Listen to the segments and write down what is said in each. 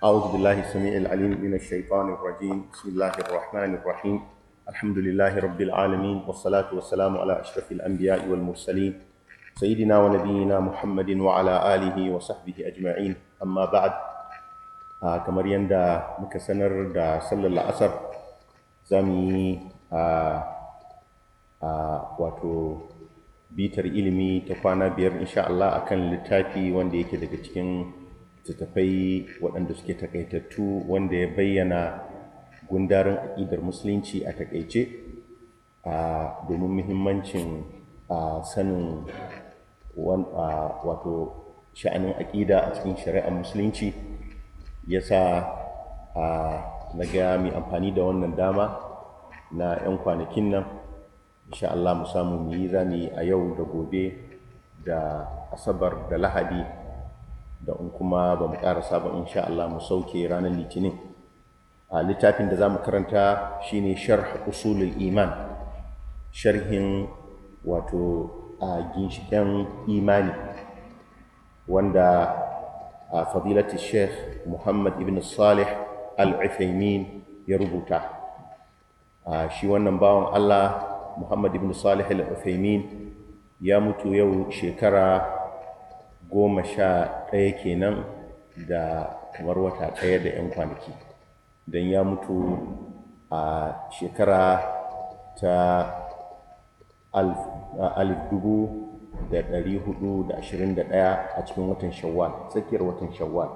أعوذ بالله السميع العليم من الشيطان الرجيم بسم الله الرحمن الرحيم الحمد لله رب العالمين والصلاة والسلام على أشرف الأنبياء والمرسلين سيدنا ونبينا محمد وعلى آله وصحبه أجمعين أما بعد kamar yadda muka sanar da sallar la'asar za mu yi wato bitar ilimi ta kwana biyar insha Allah akan littafi wanda yake daga cikin littattafai waɗanda suke takaitattu wanda ya bayyana gundarin aƙidar musulunci a takaice a domin muhimmancin a sanin wato sha'anin aƙida a cikin shari'ar musulunci ya sa na gaya mai amfani da wannan dama na 'yan kwanakin nan insha Allah mu samu mu yi zani a yau da gobe da asabar da lahadi da in kuma ba mu ƙarasa ba insha Allah mu sauke ranar litinin a littafin da za mu karanta shine sharh usulul iman sharhin wato a ginshiƙen imani wanda a fadilati sheikh muhammad ibn salih al-ifaimin ya rubuta a shi wannan bawan allah muhammad ibn salih al-ifaimin ya mutu yau shekara goma sha ɗaya kenan da kamar wata ɗaya da 'yan kwanaki don ya mutu a shekara ta alif dubu da ɗari hudu da ashirin da ɗaya a cikin watan shawwal tsakiyar watan shawwal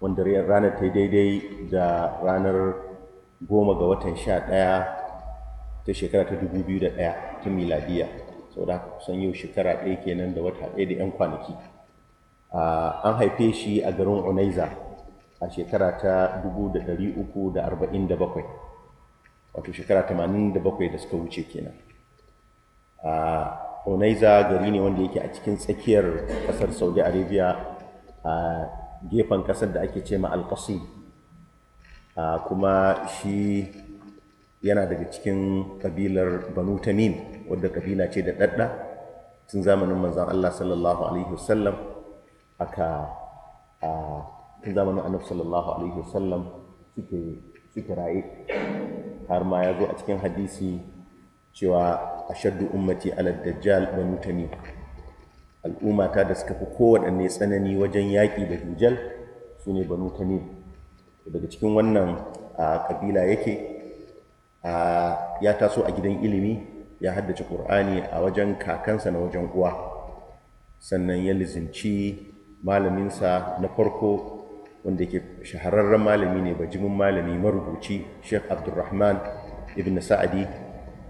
wanda ranar ta daidai da ranar goma ga watan sha ɗaya ta shekara ta dubu biyu da ɗaya ta miladiya saboda haka kusan yau shekara ɗaya kenan da wata ɗaya da 'yan kwanaki an haife shi a garin unaiza a shekara ta 347 wato shekara 87 da suka wuce kenan unaiza gari ne wanda yake a cikin tsakiyar ƙasar saudi arabia a gefen ƙasar da ake ce ma alƙasi kuma shi yana daga cikin ƙabilar banu tamim wadda kabila ce da ɗaɗɗa tun zamanin manzan Allah sallallahu alaihi wasallam aka a tun zamanin annabi sallallahu alaihi wasallam suke suke raye har ma ya zo a cikin hadisi cewa ashaddu ummati ala dajjal wa mutani al'ummata da suka fi kowaɗanne tsanani wajen yaƙi da dujal su ne banu tamim daga cikin wannan a ƙabila yake ya taso a gidan ilimi ya haddace ƙur'ani a wajen kakansa na wajen uwa sannan ya lizinci malaminsa na farko wanda ke shahararren malami ne bajimin malami marubuci sheikh abdulrahman ibn sa'adi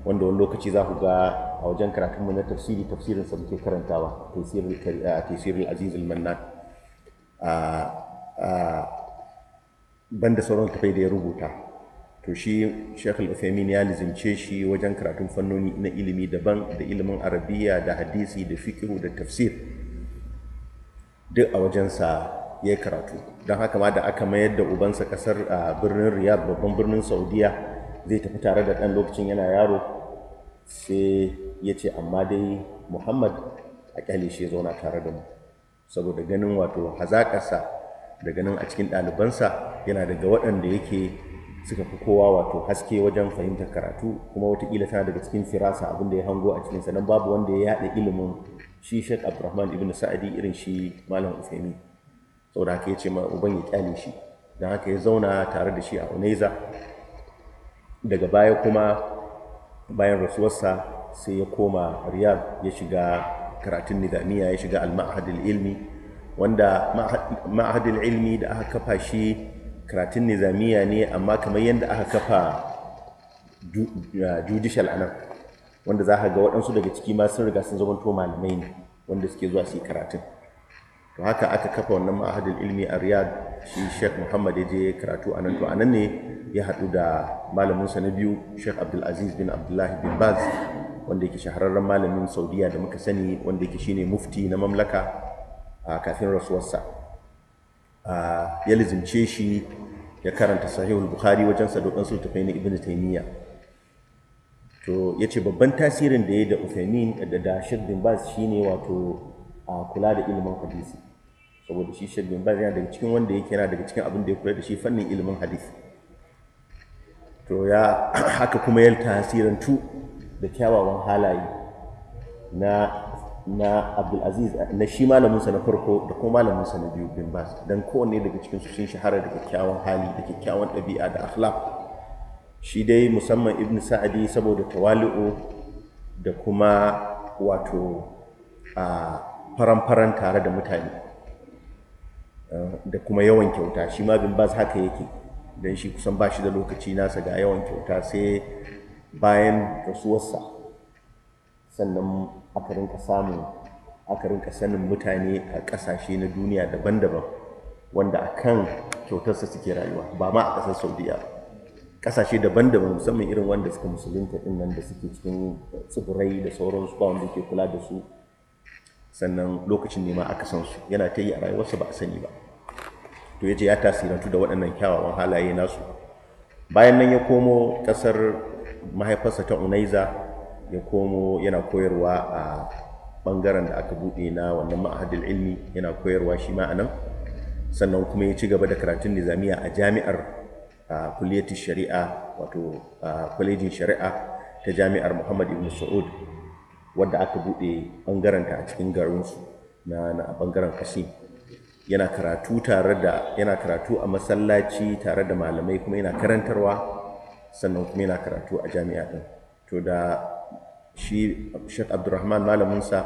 wanda wani lokaci za ku ga a wajen karatunmu na tafsiri tafsirinsa muke karantawa tafsirin azizul al-mannan banda sauran tafai da ya rubuta to shi Sheikh uthaymin ya lizimce shi wajen karatun fannoni na ilimi daban da ilimin Arabiya da hadisi da fiqh da tafsir duk a wajensa ya karatu don haka ma da aka mayar da ubansa kasar a birnin Riyadh babban birnin Saudiya zai tafi tare da ɗan lokacin yana yaro sai ya ce amma dai Muhammad a kyale shi zauna tare da mu saboda ganin wato hazaƙarsa da ganin a cikin ɗalibansa yana daga waɗanda yake suka fi kowa wato haske wajen fahimtar karatu kuma watakila tana daga cikin firasa abinda ya hango a cikinsa don babu wanda ya yaɗa ilimin shi Sheikh Abdurrahman ibn Sa'adi irin shi Malam Uthaymeen saboda haka ya ce ma uban ya kyale shi Dan haka ya zauna tare da shi a Uneza daga baya kuma bayan rasuwarsa sai ya koma Riyadh ya shiga karatun nizamiya ya shiga al-ma'had ilmi wanda ma'had ilmi da aka kafa shi karatun nizamiya ne amma kamar yadda aka kafa uh, judicial anan wanda za ka ga waɗansu daga ciki ma sun riga sun zamanto malamai ne wanda suke zuwa su yi karatun to haka aka kafa wannan ma'ahadin ilmi a riyad shi sheikh muhammad ya je karatu a nan to a nan ne ya haɗu da malaminsa na biyu sheikh abdulaziz bin abdullahi bin baz wanda yake shahararren malamin saudiya da muka sani wanda yake shine mufti na mamlaka a uh, kafin rasuwarsa Ah, ya lizimce shi ya karanta sahihul bukhari wajen sa dokan sultafai na ibnu taymiya to ya ce babban tasirin da ya da uthaymin da da shirdin shi ne wato a kula da ilimin hadisi saboda shi shirdin ba yana daga cikin wanda yake yana daga cikin abin da ya kula da shi fannin ilimin hadisi to ya haka kuma tasirin tu da kyawawan halaye na na abdulaziz na shi malaminsa na farko da kuma malaminsa na biyu bin bas don kowanne daga cikin su sun shahara da kyakkyawan hali da kyakkyawan ɗabi'a da akhlaq shi dai musamman ibn sa'adi saboda tawali'u da kuma wato a faran-faran tare da mutane da kuma yawan kyauta shi ma bin bas haka yake don shi kusan ba shi da lokaci nasa ga yawan kyauta sai bayan rasuwarsa sannan aka rinka samun aka rinka sanin mutane a ƙasashe na duniya daban-daban wanda a kan kyautarsa suke rayuwa ba ma a ƙasar saudiya ƙasashe daban-daban musamman irin wanda suka musulunta ɗin nan da suke cikin tsibirai da sauransu ba wanda ke kula da su sannan lokacin nema aka san su yana ta yi a rayuwarsa ba a sani ba to ya ce ya tasirantu da waɗannan kyawawan halaye nasu bayan nan ya komo ƙasar mahaifarsa ta unaiza ya komo yana koyarwa a bangaren da aka buɗe na wannan ma'ahadul ilmi yana koyarwa shi ma a nan sannan kuma ya ci gaba da karatun nizamiya a jami'ar kulliyatin shari'a wato kwalejin shari'a ta jami'ar muhammad ibn sa'ud wadda aka buɗe bangaren ta a cikin garinsu na na bangaren kasim yana karatu tare da yana karatu a masallaci tare da malamai kuma yana karantarwa sannan kuma yana karatu a jami'a din to da shi Sheikh Abdulrahman malaminsa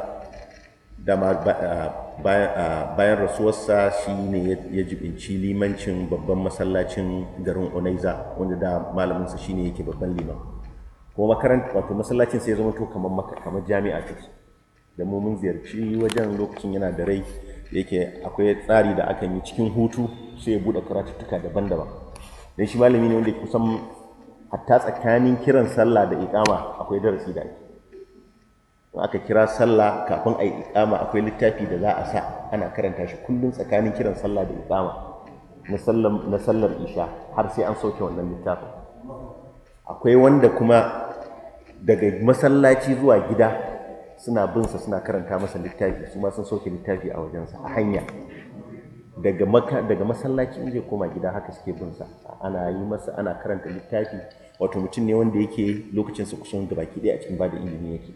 da bayan rasuwarsa shi ne ya jibinci limancin babban masallacin garin onaiza wanda da malaminsa shi ne yake babban liman kuma makaranta wato masallacin sai ya zama to kamar kamar jami'a ce da mu ziyarci wajen lokacin yana da rai yake akwai tsari da akan yi cikin hutu sai ya buɗe karatuttuka daban-daban don shi malami ne wanda kusan hatta tsakanin kiran sallah da iƙama akwai darasi da ake aka kira sallah kafin a yi ikama akwai littafi da za a sa ana karanta shi kullum tsakanin kiran sallah da ikama na sallar isha har sai an sauke wannan littafin akwai wanda kuma daga masallaci zuwa gida suna binsa suna karanta masa littafi su ma sun sauke littafi a wajensa a hanya daga masallaci in zai koma gida haka suke binsa ana yi masa ana karanta littafi wato mutum ne wanda yake lokacin su kusan gabaki ɗaya a cikin bada ilimi yake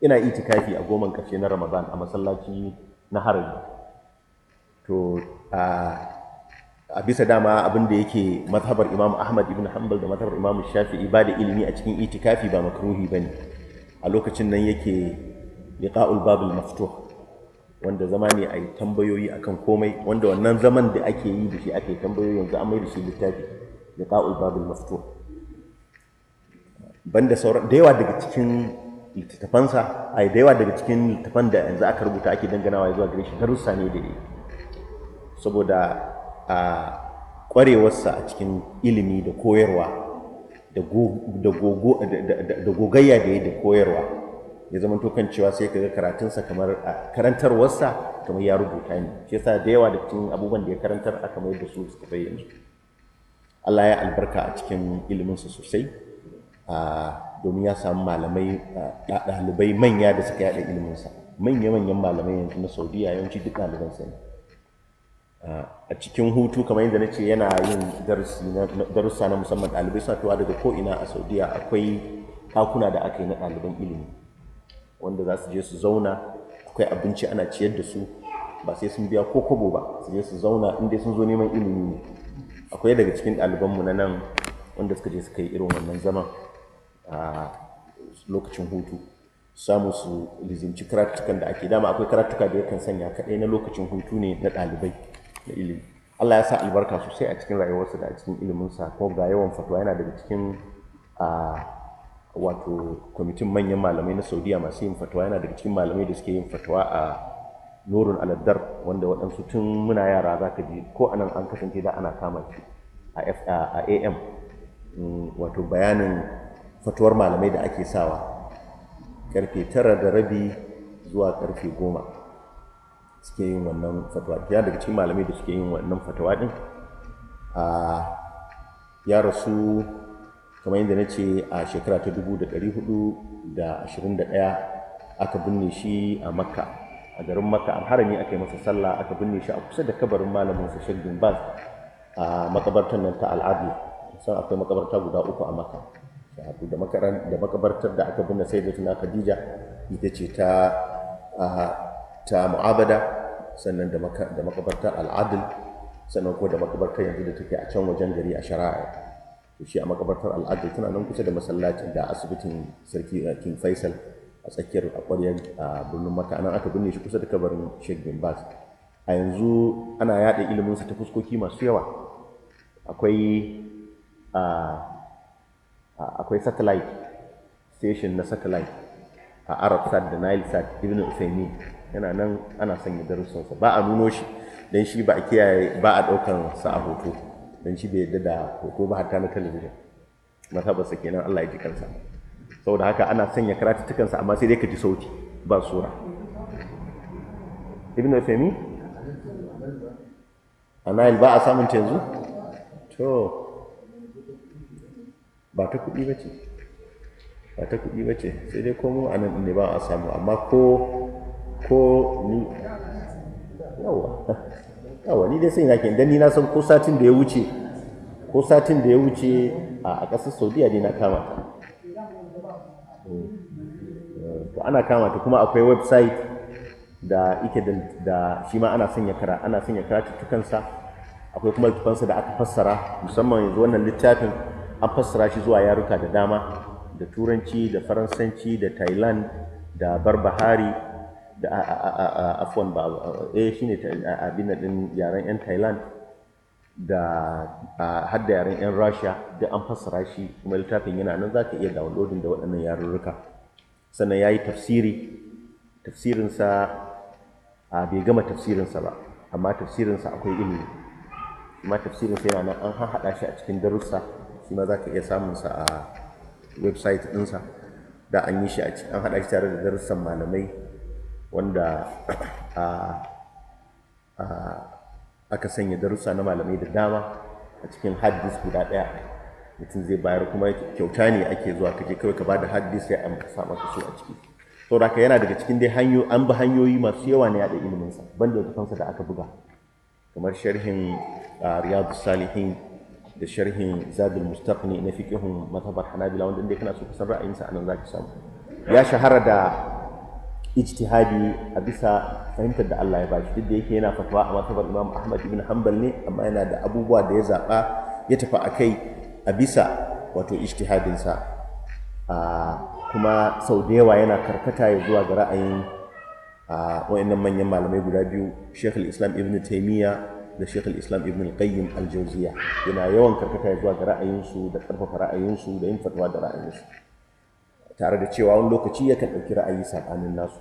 ina itikafi a goman ƙarshe na ramadan a masallaci na harin to a bisa dama abin da yake mazhabar imam ahmad ibn hanbal da mazhabar imam shafi'i ba da ilimi a cikin itikafi ba makruhi ba ne a lokacin nan yake liqa'ul babul maftuh wanda zama ne a yi tambayoyi akan komai wanda wannan zaman da ake yi da shi ake tambayoyi yanzu an mai da shi littafi liqa'ul babul maftuh banda sauran da yawa daga cikin littattafansa a da yawa daga cikin littattafan da yanzu aka rubuta ake danganawa zuwa gare shi darussa ne da saboda a ƙwarewarsa a cikin ilimi da koyarwa da gogayya da ya da koyarwa ya zama tokan cewa sai ka ga karatunsa kamar a karantarwarsa kamar ya rubuta ne shi yasa da yawa da cikin abubuwan da ya karantar aka mai da su suka bayyana Allah ya albarka a cikin iliminsa sosai Ah, domin ya samu malamai ah, ɗalibai manya da suka yaɗa iliminsa manya-manyan malamai yanzu na saudiya yawanci duk ɗaliban sai ne ah, a cikin hutu kamar yadda na ce yana yin darussa na musamman ɗalibai suna fitowa daga ko'ina a saudiya akwai ɗakuna da aka yi na ɗaliban ilimi wanda za su je su zauna akwai abinci ana ciyar da su ba sai sun biya ko kobo ba su je su zauna in dai sun zo neman ilimi ne akwai daga cikin ɗalibanmu na nan wanda suka je suka yi irin wannan zaman a lokacin hutu samu su lizinci karatukan da ake dama akwai karatuka da yakan sanya kaɗai na lokacin hutu ne na ɗalibai na ilimi Allah ya sa albarka sosai a cikin rayuwarsa da a cikin iliminsa ko ga yawan fatuwa yana daga cikin a wato kwamitin manyan malamai na saudiya masu yin fatuwa yana daga cikin malamai da suke yin fatuwa a nurun aladdar wanda waɗansu tun muna yara za ka ji ko anan an kasance da ana kama shi a am mm, wato bayanin fatuwar malamai da ake sawa karfe tara da rabi zuwa karfe goma suke yin wannan fatuwa ya daga cikin malamai da suke yin wannan fatuwa din a ya rasu kamar yadda na ce a shekara ta dubu da da da hudu ashirin ɗaya aka binne shi a makka a garin makka an harami aka yi masa sallah aka binne shi a kusa da kabarin malamin shaggin bas a makabartar nan ta al'adu san akwai makabarta guda uku a makka da makaran da makabartar da aka binne tuna khadija ita ce ta ta mu'abada sannan da makabartar al'adil sannan ko da makabartar yanzu da take a can wajen gari a shara'a to shi a makabartar al'adil tana nan kusa da masallacin da asibitin sarki eh, king faisal a tsakiyar a ƙwaryar a birnin maka nan aka binne shi kusa da kabarin sheikh bin baz a yanzu ana yaɗa iliminsa ta fuskoki masu yawa akwai Ah, akwai satellite station na satellite a arabsat da nilesat ibn usaini yana nan ana sanya darussansa ba a nuno shi don shi ba a kiyaye ba a ɗaukan sa a hoto don shi bai yadda da hoto ba hatta na talabijin masabarsa kenan allah ya ji kansa saboda haka ana sanya karatuttukansa amma sai dai ka ji sauti ba sura ibn usaini a nile ba a samun yanzu to ba ta kuɗi ba ce ba ta kuɗi ba ce sai dai komo a nan ne ba a samu amma ko ko ni yawa yawa ni dai sai yake idan ni na san ko satin da ya wuce ko satin da ya wuce a ƙasar saudiya ne na kama ta eh, to ana kama ta kuma akwai website da ike da shi ma ana sanya kara ana sanya karatuttukansa akwai kuma littafansa da aka fassara musamman yanzu wannan littafin an fassara shi zuwa yaruka da dama da turanci da faransanci da thailand da barbahari da afon ba shi eh, shine abin din yaren yan thailand da har yaren yan Rasha. duk an fassara shi kuma littafin yana nan za ka iya downloading da waɗannan yarurruka sannan ya yi tafsiri tafsirinsa a bai gama tafsirinsa ba amma tafsirinsa akwai ilimi amma tafsirinsa yana nan an haɗa shi a cikin darussa shi ma za ka iya sa a website ɗinsa da an yi shi cikin haɗa shi tare da darussan malamai wanda aka sanya darussa na malamai da dama a cikin hadis guda ɗaya mutum zai bayar kuma kyauta ne ake zuwa kaje kawai ka bada hadis sai an sa maka so a ciki saboda haka yana daga cikin dai hanyo an bi hanyoyi masu yawa na yaɗa iliminsa banda da da aka buga kamar sharhin riyadus salihin da sharhin zadul mustaqni na fiqihun mazhabar hanabila wanda inda kana so kusan ra'ayinsa anan zaka samu ya shahara da ijtihadi a bisa fahimtar da Allah ya bashi duk da yake yana fatwa a matsabar Imam Ahmad ibn Hanbal ne amma yana da abubuwa da ya zaba ya tafi akai a bisa wato ijtihadin sa kuma sau da yawa yana karkata ya zuwa ga ra'ayin wa'annan manyan malamai guda biyu Sheikh al-Islam Ibn Taymiyyah da Sheikh islam Ibn al-Qayyim al jawziya yana yawan karkata zuwa ga ra'ayinsu da karfafa ra'ayinsu da yin fatwa da ra'ayinsu tare da cewa wani lokaci yakan ɗauki ra'ayi sabanin nasu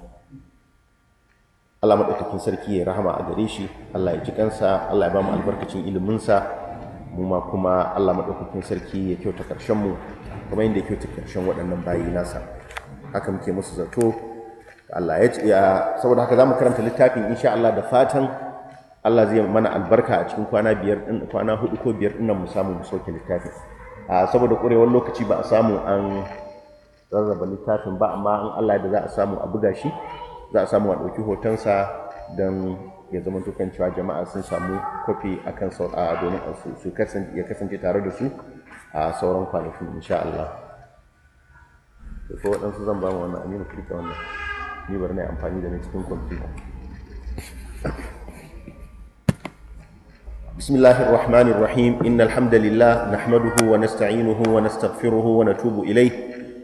Allah madaukakin sarki ya rahama a gare shi Allah ya ji kansa Allah ya ba mu albarkacin ilimin sa mu ma kuma Allah madaukakin sarki ya kyauta karshen mu kuma inda ya kyauta karshen waɗannan bayi nasa haka muke musu zato Allah ya saboda haka zamu karanta littafin insha Allah da fatan Allah zai mana albarka a cikin kwana biyar din kwana hudu ko biyar din nan mu samu mu soke littafin a saboda kurewar lokaci ba a samu an rarraba littafin ba amma an Allah da za a samu a buga shi za a samu a ɗauki hotonsa don ya zama tukan cewa jama'a sun samu kofi a kan domin su ya kasance tare da su a sauran kwanaki insha Allah da ko waɗansu zan ba mu wannan aminu kirka wannan ni bar na amfani da na cikin kwamfuta بسم الله الرحمن الرحيم إن الحمد لله نحمده ونستعينه ونستغفره ونتوب إليه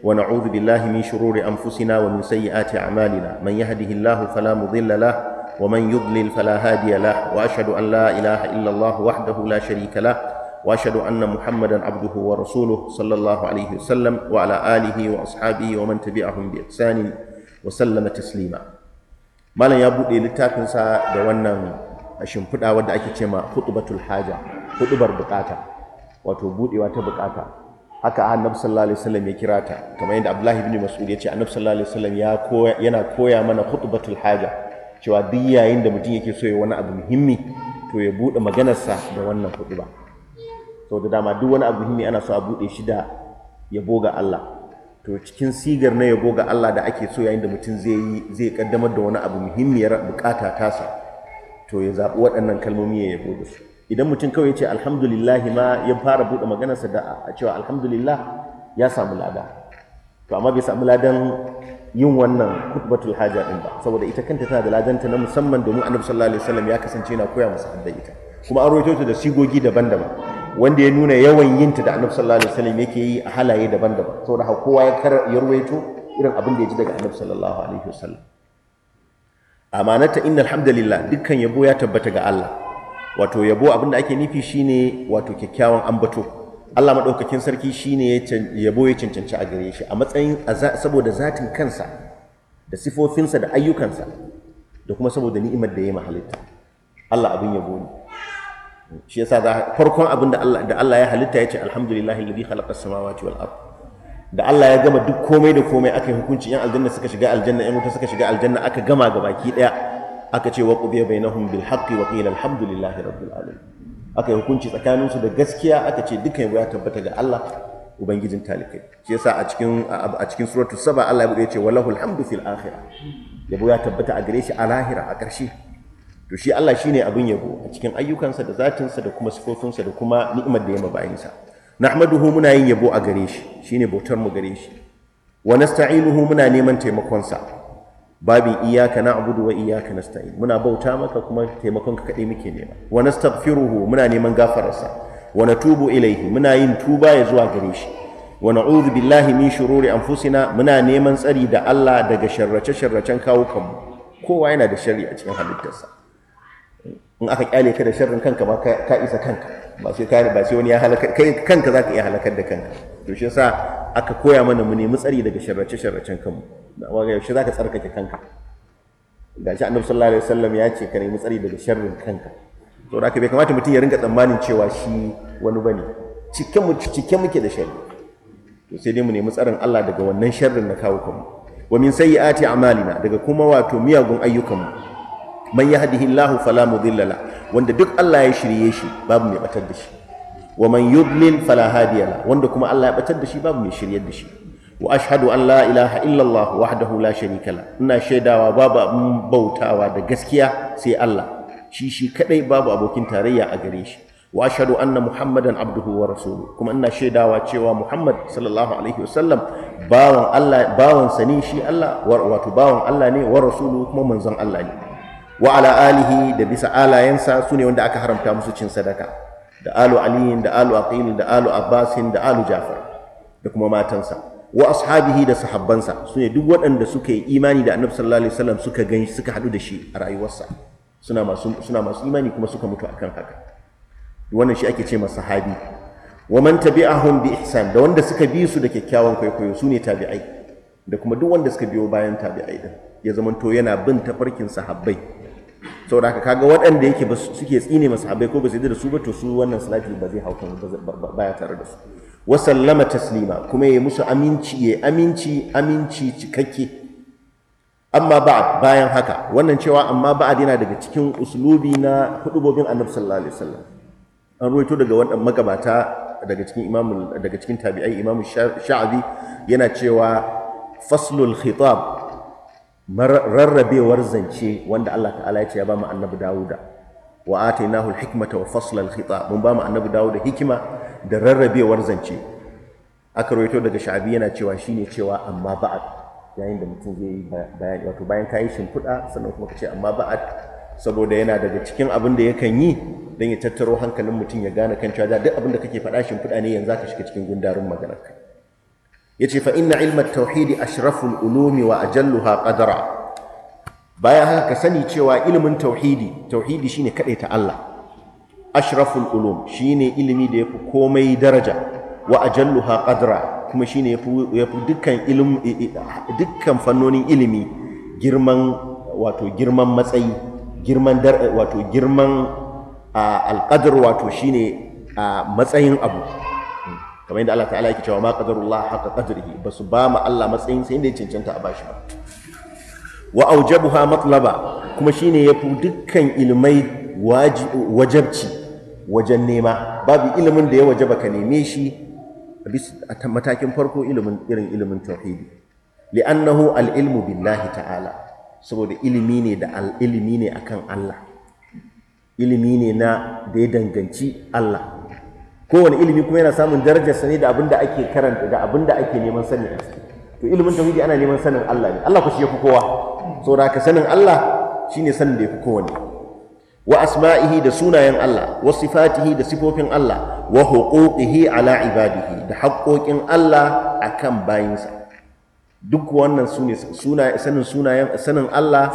ونعوذ بالله من شرور أنفسنا ومن سيئات أعمالنا من يهده الله فلا مضل له ومن يضلل فلا هادي له وأشهد أن لا إله إلا الله وحده لا شريك له وأشهد أن محمدا عبده ورسوله صلى الله عليه وسلم وعلى آله وأصحابه ومن تبعهم بإحسان وسلم تسليما ما لن يبدو لتاكنسا دوانا a shimfiɗa wadda ake ce ma hutubatul haja hutubar bukata wato budewa ta bukata haka annabi sallallahu alaihi wasallam ya kira ta kamar yadda abdullahi ibn mas'ud ya ce annabi sallallahu alaihi wasallam ya koya yana koya mana hutubatul haja cewa duk yayin da mutum yake so ya wani abu muhimmi to ya bude maganarsa da wannan hutuba to da dama duk wani abu muhimmi ana so a bude shi da yabo ga Allah to cikin sigar na yabo ga Allah da ake so yayin da mutum zai zai kaddamar da wani abu muhimmiyar bukata tasa to ya zaɓi waɗannan kalmomi ya yabo da su idan mutum kawai ya ce alhamdulillah ma ya fara buɗe maganarsa da a cewa alhamdulillah ya samu lada to amma bai samu ladan yin wannan kutubatul haja din ba saboda ita kanta tana da ladanta na musamman domin annabi sallallahu alaihi wasallam ya kasance yana koya masa hadda ita kuma an rawaito ta da sigogi daban-daban wanda ya nuna yawan yinta da annabi sallallahu alaihi wasallam yake yi a halaye daban-daban saboda kowa ya rawaito irin abin da ya ji daga annabi sallallahu alaihi wasallam amanata inna alhamdulillah dukkan yabo ya tabbata ga Allah wato yabo abin da ake nufi shine wato kyakkyawan ambato Allah madaukakin sarki shine yabo ya cancanci a gare shi a matsayin saboda zatin kansa da sifofinsa da ayyukansa da kuma saboda ni'imar da ya mahalitta Allah abin yabo ne shi yasa farkon abin da Allah ya halitta ya ce alhamdulillahi alladhi khalaqa as-samawati wal ardh da Allah ya gama duk komai da komai aka yi hukunci yan aljanna suka shiga aljanna yan wuta suka shiga aljanna aka gama ga baki daya aka ce wa qubiya bainahum bil haqqi wa qila alhamdulillahi rabbil alamin aka yi hukunci tsakanin su da gaskiya aka ce dukan ya tabbata ga Allah ubangijin talikai shi yasa a cikin a cikin suratul saba Allah ya ce walahu alhamdu fil akhirah yabo ya tabbata a gare shi a lahira a karshe to shi Allah shine abin yabo a cikin ayyukansa da zatinsa da kuma sifofinsa da kuma ni'imar da ya mabayinsa nahmaduhu muna yin yabo a gare shi Shi ne bautar mu gare shi wa nasta'inuhu muna neman taimakonsa Babu iyaka na abudu wa iyaka nasta'in muna bauta maka kuma taimakon ka kaɗai muke nema wa nastaghfiruhu muna neman gafararsa wa tubu ilaihi muna yin tuba ya zuwa gare shi wa na'udhu billahi min shururi anfusina muna neman tsari da Allah daga sharrace sharracen kawo kanmu kowa yana da sharri a cikin halittarsa in aka kyale ka da sharrin kanka ba ka isa kanka ba sai ka ba sai wani ya halaka kai kanka za ka iya halakar da kanka to shi yasa aka koya mana mu nemi tsari daga sharrace sharracen kanmu amma ga yaushe za ka tsarkake kanka shi annabi sallallahu alaihi wasallam ya ce ka nemi tsari daga sharrin kanka to da bai kamata mutum ya ringa tsammanin cewa shi wani bane cikin mu cike muke da sharri to sai dai mu nemi tsarin Allah daga wannan sharrin na kawo kanmu wa min sayyiati a'malina daga kuma wato miyagun ayyukanmu man yahdihillahu fala mudilla lahu wanda duk Allah ya shirye shi babu mai batar da shi wa man yudlil fala hadiya wanda kuma Allah ya batar da shi babu mai shiryar da shi wa ashhadu an la ilaha illallah wahdahu la sharika la ina shaidawa babu abin bautawa da gaskiya sai Allah shi shi kadai babu abokin tarayya a gare shi wa ashhadu anna muhammadan abduhu wa rasuluhu kuma ina shaidawa cewa muhammad sallallahu alaihi wasallam bawan Allah bawan sani shi Allah wato bawan Allah ne wa rasuluhu kuma manzon Allah ne wa ala alihi da bisa alayensa su ne wanda aka haramta musu cin sadaka da alu aliyin da alu aqil da alu abbasin da alu jafar da kuma matansa wa ashabihi da sahabbansa su ne duk waɗanda suka yi imani da annabi sallallahu alaihi wasallam suka gani suka haɗu da shi a rayuwarsa suna masu suna masu imani kuma suka mutu akan haka wannan shi ake ce masa sahabi wa man tabi'ahum bi ihsan da wanda suka bi su da kyakkyawan kwaikwayo su ne tabi'ai da kuma duk wanda suka biyo bayan tabi'ai din ya zamanto yana bin tafarkin sahabbai saboda haka kaga waɗanda yake suke tsine masahabai ko ba su da su ba to su wannan salati ba zai hauka baya tare da su wa sallama taslima kuma ya musu aminci ya aminci aminci cikakke amma ba'ad bayan haka wannan cewa amma ba'ad yana daga cikin uslubi na hudubobin annabi sallallahu alaihi wasallam an ruwaito daga wannan magabata daga cikin imam daga cikin tabi'ai imam sha'abi yana cewa faslul khitab rarrabewar zance wanda Allah ta'ala ya ce ya ba mu annabi Dawuda wa atainahu al-hikmata wa fasl al mun ba mu annabi Dawuda hikima da rarrabewar zance aka rawaito daga Sha'abi yana cewa shine cewa amma ba'ad yayin da mutum zai yi bayani wato bayan kayi shimfiɗa sannan kuma ka ce amma ba'ad saboda yana daga cikin abin da yakan yi dan ya tattaro hankalin mutum ya gane kan cewa duk abin da kake faɗa shimfiɗa ne yanzu ka shiga cikin gundarin maganarka yace fa inna ilmar tauhidi ashraful ulumi wa ajalluha qadara bayan haka ka sani cewa ilimin tauhidi tauhidi shine ta Allah ashraful ulum shine ilimi da yafi komai daraja wa ajalluha qadara kuma shine yafi dukkan dukkan fannonin ilimi girman wato girman matsayi girman wato girman alqadar wato shine matsayin abu kamar yadda Allah ta'ala yake cewa ma qadarullah haqa qadrihi basu ba ma Allah matsayin sai inda ya cancanta a bashi ba wa aujabuha matlaba kuma shine yafi dukkan ilmai wajabci wajen nema babu ilimin da ya wajaba ka neme shi a matakin farko ilimin irin ilimin tauhidi li'annahu al-ilmu billahi ta'ala saboda ilimi ne da al-ilimi ne akan Allah ilimi ne na da ya danganci Allah kowane ilimi kuma yana samun darajar sani da abin da ake karanta da abin da ake neman sani a ciki to ilimin tauhidi ana neman sanin Allah ne Allah ku shi yafi kowa saboda ka sanin Allah shine sanin da yafi kowane wa asma'ihi da sunayen Allah wa sifatihi da sifofin Allah wa huquqihi ala ibadihi da haƙoƙin Allah akan bayinsa duk wannan sune sanin sunayen sanin Allah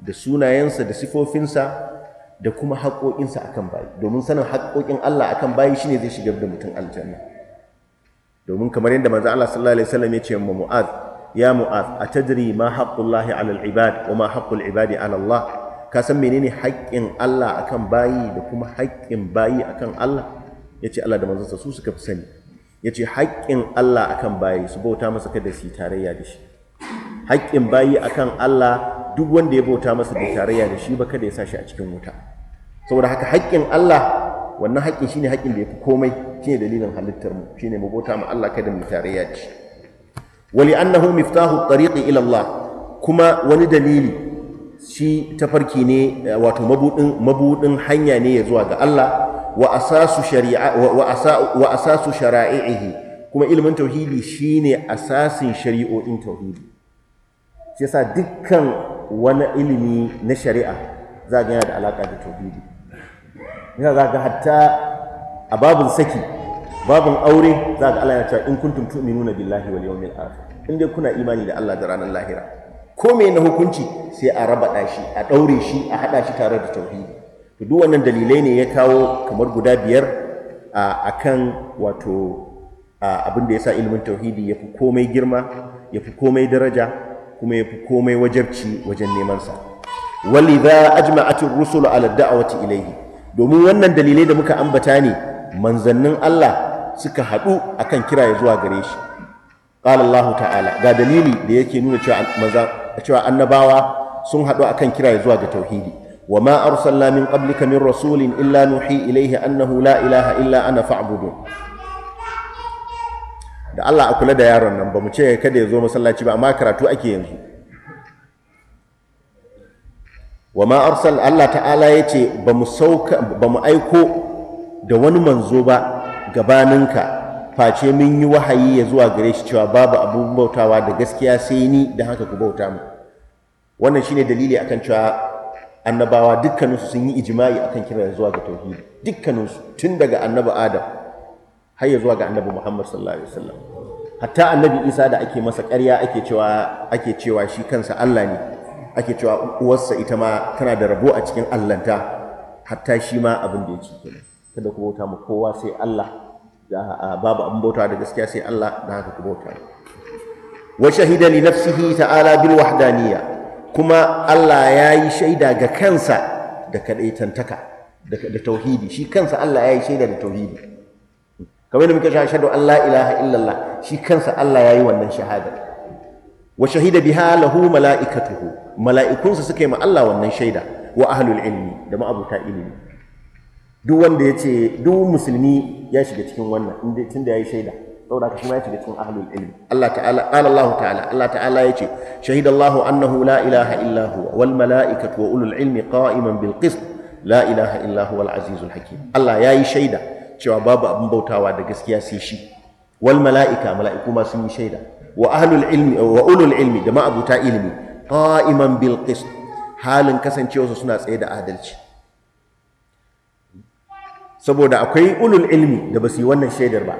da sunayensa da sifofinsa da kuma haƙoƙinsa akan bayi domin sanin haƙoƙin Allah akan bayi shine zai shigar da mutum aljanna domin kamar yadda manzo Allah sallallahu alaihi wasallam ya ce wa Mu'az ya Mu'az atadri ma haqqullahi 'alal ibad wa ma haqqul ibadi alallah. ka san menene haƙƙin Allah akan bayi da kuma haƙƙin bayi akan Allah yace Allah da manzonsa su suka fi sani yace haƙƙin Allah akan bayi su bauta masa kada su yi tarayya da shi haƙƙin bayi akan Allah duk wanda ya bauta masa da tarayya da shi ba kada ya sa shi a cikin wuta saboda haka haƙƙin Allah wannan haƙƙin shine haƙƙin da ya komai shine dalilin halittar mu shine mu bauta ma Allah kada mu tarayya da shi wali annahu miftahu tariqi ila Allah kuma wani dalili shi tafarki ne wato mabudin mabudin hanya ne ya zuwa ga Allah wa asasu shari'a wa asasu shara'ihi kuma ilimin tauhidi shine asasin shari'o'in tauhidi shi yasa dukkan wani ilimi na shari'a za ga yana da alaƙa da tauhidi yana za ga hatta a babin saki babin aure za ga Allah ya cewa in kuntum tu'minuna billahi wal yawmil akhir in dai kuna imani da Allah da ranar lahira ko me na hukunci sai a raba shi a ɗaure shi a haɗa shi tare da tauhidi to duk wannan dalilai ne ya kawo kamar guda biyar a akan wato abin da sa ilimin tauhidi ya fi komai girma ya fi komai daraja kuma ya fi komai wajabci wajen nemansa a ajma'atir rusul a wata ilaihi. domin wannan dalilai da muka ambata ne manzannin Allah suka haɗu kan kira ya zuwa gare shi qala ta'ala ga dalili da yake nuna cewa annabawa sun haɗu akan kira ya zuwa ga tauhidi wa ma arsalna min qablika min rasulin illa nuhi ilayhi annahu la ilaha illa ana fa'budun da Allah a kula da yaron nan ba mu ce kada ya zo masallaci ba amma karatu ake yanzu wa ma arsal Allah ta'ala ya ce ba mu sauka ba mu aiko da wani manzo ba gabaninka face mun yi wahayi ya zuwa gare shi cewa babu abubuwan bautawa da gaskiya sai ni da haka ku bauta mu wannan shine dalili akan cewa annabawa dukkaninsu sun yi ijma'i akan kira zuwa ga tauhidi dukkaninsu tun daga annabi adam har ya zuwa ga annabi Muhammad sallallahu alaihi wasallam hatta annabi Isa da ake masa ƙarya ake cewa ake cewa shi kansa Allah ne ake cewa uwarsa ita ma tana da rabo a cikin Allahnta hatta shi ma abin da yake kenan kada ku bauta mu kowa sai Allah da babu abin bauta da gaskiya sai Allah da haka ku bauta wa shahida li nafsihi ta'ala bil wahdaniyya kuma Allah ya yi shaida ga kansa da kadaitantaka da tauhidi shi kansa Allah ya yi shaida da tauhidi kamar da muka sha shahadu an la ilaha illallah shi kansa Allah ya yi wannan shahada. wa shahida biha lahu mala'ikatuhu mala'ikunsa suka yi ma Allah wannan shaida wa ahlul ilmi da ma'abuta ilimi duk wanda ya ce duk musulmi ya shiga cikin wannan inda tun da ya yi shaida saboda haka shi ya shiga cikin ahlul ilmi Allah ta'ala qala Allah ta'ala Allah ta'ala yace shahida Allah annahu la ilaha illa huwa wal mala'ikatu wa ulul ilmi qa'iman bil qist la ilaha illa huwa al azizul hakim Allah yayi shaida cewa babu abin bautawa da gaskiya sai shi wal mala'ika mala'iku ma sun yi shaida wa ahlul ilmi wa ulul ilmi da ma'abuta ilmi qa'iman bil qist halin kasancewarsa suna tsaye da adalci saboda akwai ulul ilmi da ba su yi wannan shaidar ba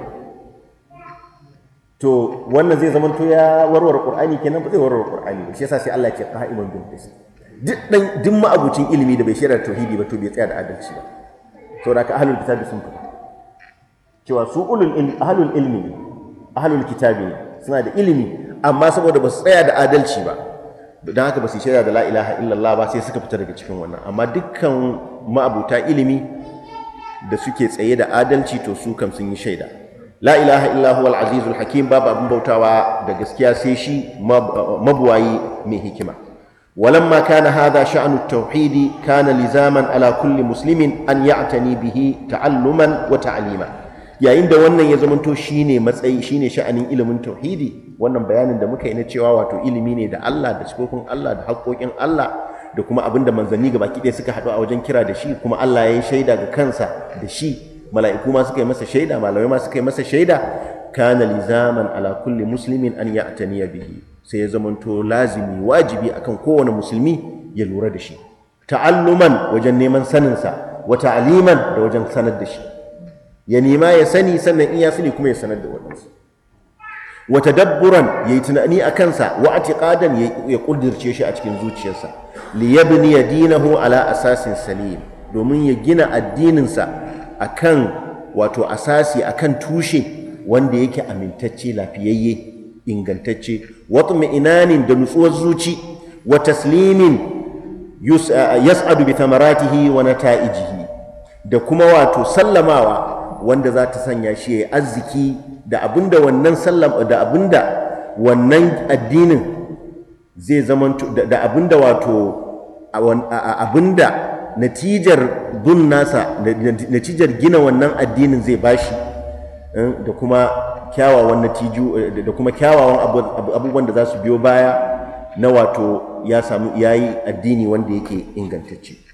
to wannan zai zama to ya warware qur'ani kenan ba zai warware qur'ani ba shi yasa sai Allah ya ce qa'iman bil qist duk dan duk ma'abucin ilimi da bai shaidar tauhidi ba to bai tsaya da adalci ba saboda ka ahlul kitabi sun fita cewa su ulul ahlul ilmi ahlul kitabi suna da ilimi amma saboda ba su tsaya da adalci ba don haka ba su shirya da la ilaha illallah ba sai suka fita daga cikin wannan amma dukkan ma'abuta ilimi da suke tsaye da adalci to su kam sun yi shaida la ilaha illahu al azizul hakim babu abin bautawa da gaskiya sai shi mabuwayi mai hikima walamma ولما كان هذا شأن التوحيد كان لزاما على كل مسلم أن يعتني به تعلما وتعليما yayin da wannan ya zamanto ne matsayi shi ne sha'anin ilimin tauhidi wannan bayanin da muka yi na cewa wato ilimi ne da Allah da cikokin Allah da haƙoƙin Allah da kuma abin da manzanni gaba ɗaya suka haɗu a wajen kira da shi kuma Allah ya yi shaida ga kansa da shi mala'iku ma suka yi masa shaida malamai ma suka yi masa shaida kana lizaman ala kulli muslimin an ya'taniya bihi sai ya zamanto lazimi wajibi akan kowane musulmi ya lura da shi ta'alluman wajen neman saninsa wa ta'aliman da wajen sanar da shi ya nema ya sani sannan in ya sani kuma ya sanar da waɗansu wata dabburan ya yi tunani a kansa wa atiqadan ya ƙudirce shi a cikin zuciyarsa liyabni ya dinahu ala asasin salim domin ya gina addininsa akan wato asasi akan tushe wanda yake amintacce lafiyayye ingantacce watmi inanin da nutsuwar zuci wa taslimin yas'adu bi thamaratihi wa nata'ijihi da kuma wato sallamawa wanda za ta sanya shi ya arziki da abinda wannan sallam da abinda wannan addinin zai zama da abinda wato abinda natijar dun nasa natijar gina wannan addinin zai bashi eh, da kuma kyawawan natiju eh, da kuma kyawawan abubuwan da za su biyo baya na wato ya samu yayi addini wanda yake ingantacce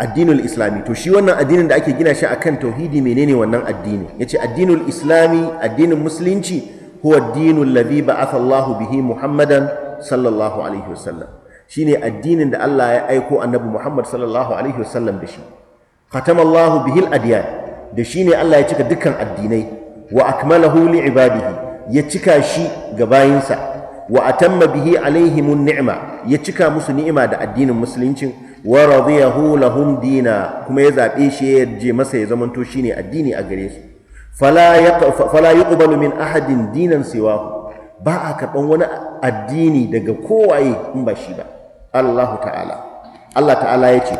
addinul islami to shi wannan addinin da ake gina shi akan tauhidi menene wannan addini yace addinul islami addinin musulunci huwa addinul ladhi ba'atha Allah bihi Muhammadan sallallahu alaihi wasallam shine addinin da Allah ya aiko annabi Muhammad sallallahu alaihi wasallam da shi khatama Allah bihi al-adyan da shine Allah ya cika dukkan addinai wa akmalahu li ibadihi ya cika shi ga bayinsa wa atamma bihi alaihimun ni'ma ya cika musu ni'ima da addinin musuluncin wa radiyahu lahum dina kuma ya zaɓe shi ya je masa ya zamanto shine addini a gare su fala yuqbalu min ahadin dinan siwahu ba a karɓan wani addini daga kowaye in ba shi ba Allahu ta'ala Allah ta'ala ya ce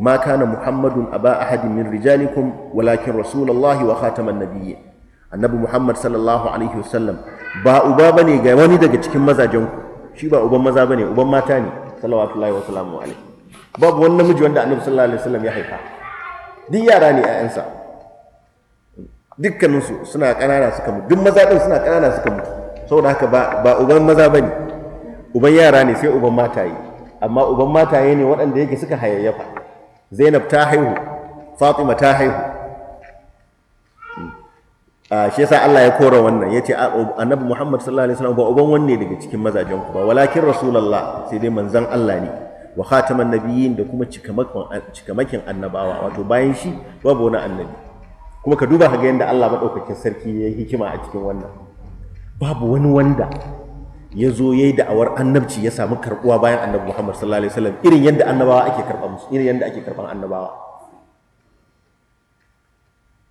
ma kana muhammadun aba ahadin min rijalikum walakin rasulullahi wa khataman nabiyyin annabi muhammad sallallahu alaihi wasallam ba uba bane ga wani daga cikin mazajen ku shi ba uban maza bane uban mata ne sallallahu alaihi wasallam alaihi babu wani namiji wanda annabi sallallahu alaihi wasallam ya haifa duk yara ne ƴaƴansa dukkaninsu suna ƙanana suka mutu duk maza ɗin suna ƙanana suka mutu saboda haka ba ba uban maza bane uban yara ne sai uban mataye amma uban mataye ne waɗanda yake suka hayayyafa Zainab ta haihu Fatima ta haihu hmm. ah, shi yasa Allah ya kora wannan yace annabi Muhammad sallallahu alaihi wasallam ba uban wanne daga cikin mazajen ku ba walakin rasulullah sai dai manzon Allah ne wa khataman nabiyyin da kuma cikamakin annabawa wato bayan shi babu wani annabi kuma ka duba ga yadda Allah maɗaukakin sarki ya yi hikima a cikin wannan babu wani wanda ya zo ya yi da'awar annabci ya samu karɓuwa bayan annabi Muhammad sallallahu alaihi wasallam irin yadda annabawa ake karɓa musu irin yadda ake karɓan annabawa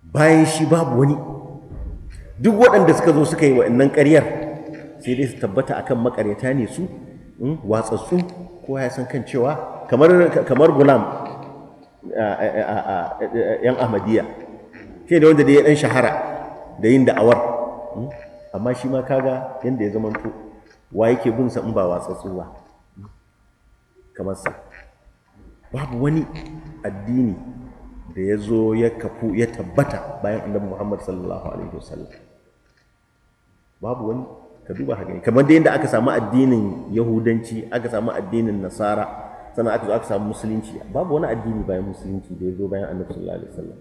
bayan shi babu wani duk waɗanda suka zo suka yi wa'annan ƙaryar sai dai su tabbata akan makaryata ne su Hmm? watsatsu ko ya san kan cewa kamar gulam yan ahmadiyya shi da wanda da ya dan shahara da yin da'awar hmm? amma shi ma kaga yadda ya zamanto wa yake bin sa in ba watsatsu ba hmm? kamar sa babu wani addini da ya zo ya kafu ya tabbata bayan annabi Muhammad sallallahu alaihi wasallam babu wani ka duba haka kamar da yadda aka samu addinin yahudanci aka samu addinin nasara sannan aka zo aka samu musulunci babu wani addini bayan musulunci da ya zo bayan annabi sallallahu alaihi wasallam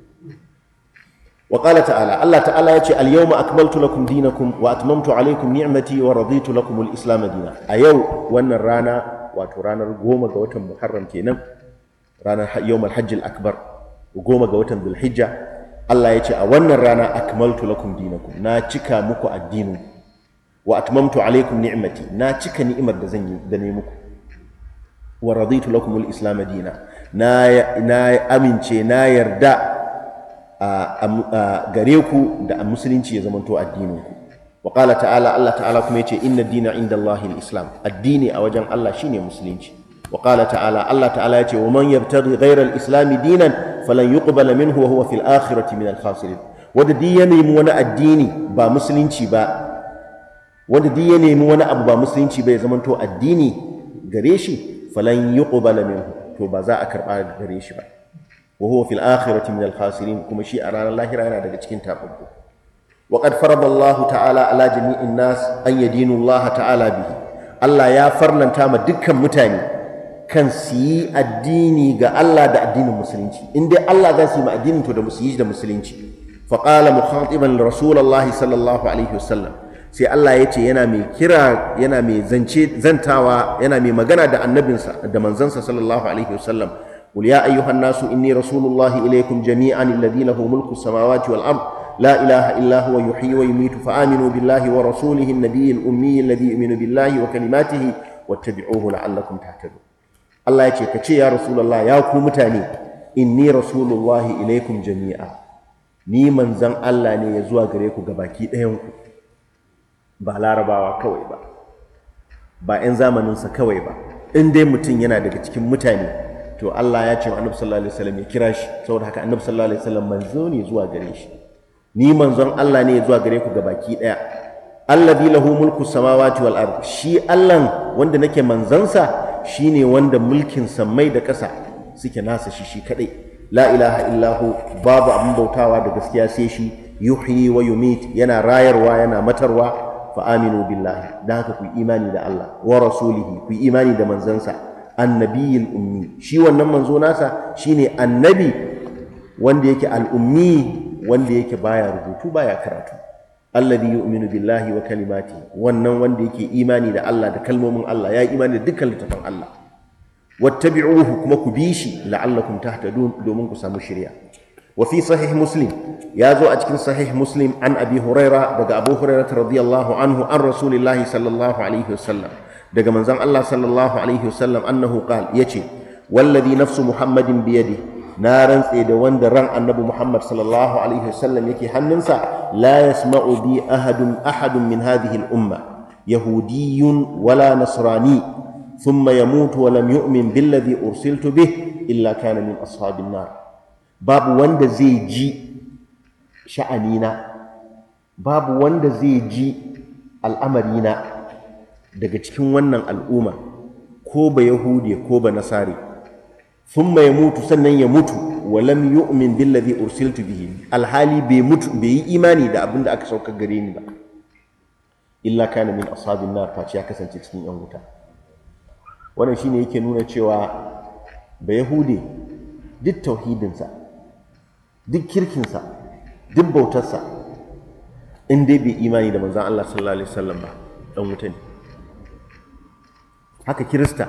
wa qala ta'ala Allah ta'ala yace al yawma akmaltu lakum dinakum wa atmamtu alaykum ni'mati wa raditu lakum al islam dinan a yau wannan rana wato ranar goma ga watan muharram kenan ranar al hajj al akbar goma ga watan Dhul hijja. Allah yace a wannan rana akmaltu lakum dinakum na cika muku addinin wa atmamtu alaikum ni'mati na cika ni'imar da zan yi da ne muku wa raditu lakum al-islam dina na na amince na yarda a gare ku da musulunci ya zamanto addinin ku wa qala ta'ala Allah ta'ala kuma yace inna dina inda Allah al-islam addini a wajen Allah shine musulunci wa qala ta'ala Allah ta'ala yace wa man yabtaghi ghayra al-islam dinan falan yuqbala minhu wa huwa fil akhirati min al-khasirin wanda duk ya nemi wani addini ba musulunci ba wanda duk ya nemi wani abu ba musulunci bai zama to addini gare shi falan yuqbala minhu to ba za a karba gare shi ba wa huwa fil akhirati min al khasirin kuma shi a ranar lahira yana daga cikin tababbu wa qad farada Allah ta'ala ala jami'in nas an yadinu Allah ta'ala bihi Allah ya farlanta ma dukkan mutane kan su yi addini ga Allah da addinin musulunci in dai Allah za su yi ma addinin to da yi da musulunci fa مخاطبا رسول الله sallallahu alaihi عليه sai Allah ya ce yana mai kira yana mai zantawa yana mai magana da annabinsa da manzansa sallallahu alaihi wasallam qul ya ayyuhan nasu inni rasulullahi ilaikum jami'an alladhi lahu mulku samawati wal ard la ilaha illa huwa yuhyi wa yumiitu fa aminu billahi wa rasulihi an-nabiyyi ummi alladhi yu'minu billahi wa kalimatihi wattabi'uhu la'allakum tahtadun Allah ya ce ka ce ya rasulullah ya ku mutane inni rasulullahi ilaikum jami'a ni manzan Allah ne ya zuwa gare ku gabaki ɗayan ku ba larabawa kawai ba ba 'yan zamaninsa kawai ba in dai mutum yana daga cikin mutane to Allah ya ce wa annabi sallallahu alaihi wasallam ya kira shi saboda haka annabi sallallahu alaihi wasallam manzo ne zuwa gare shi ni manzon Allah ne zuwa gare ku ga baki daya alladhi lahu mulku samawati wal ard shi Allah wanda nake manzansa shine wanda mulkin samai da ƙasa suke nasa shi shi kadai la ilaha illahu babu abin bautawa da gaskiya sai shi yuhyi wa yumit yana rayarwa yana matarwa fa aminu billahi da haka ku imani da Allah wa rasulihi ku imani da manzansa annabiyil ummi shi wannan manzo nasa shine annabi wanda yake al'ummi wanda yake baya rubutu baya karatu alladhi yu'minu billahi wa kalimati wannan wanda yake imani da Allah da kalmomin Allah ya imani da dukkan littafin Allah wattabi'uhu kuma ku bi shi la'allakum tahtadun domin ku samu shari'a wa fi sahih muslim ya zo a cikin sahih muslim an abi huraira daga abu huraira radiyallahu anhu an rasulillahi sallallahu alaihi wasallam daga manzon Allah sallallahu alaihi wasallam annahu qal yace wallazi nafsu muhammadin biyadi na rantse da wanda ran annabi muhammad sallallahu alaihi wasallam yake hannunsa la yasma'u bi ahadun ahadun min hadhihi al-umma yahudiyun wala nasrani thumma yamutu wa lam yu'min billadhi ursiltu bih illa kana min ashabin nar babu wanda zai ji sha'anina babu wanda zai ji al'amarina daga cikin wannan al'umma ko ba yahudiya ko ba nasari Sun ya mutu sannan ya mutu walam yu'min billazi ursiltu bihi alhali bai mutu bai yi imani da abinda aka sauka gare ni ba illa kana min ashabin nar face ya kasance cikin yan wuta wannan shine yake nuna cewa ba yahudi duk tauhidinsa duk kirkinsa duk bautarsa in dai bai imani da manzan Allah sallallahu alaihi wasallam ba dan wuta ne haka kirista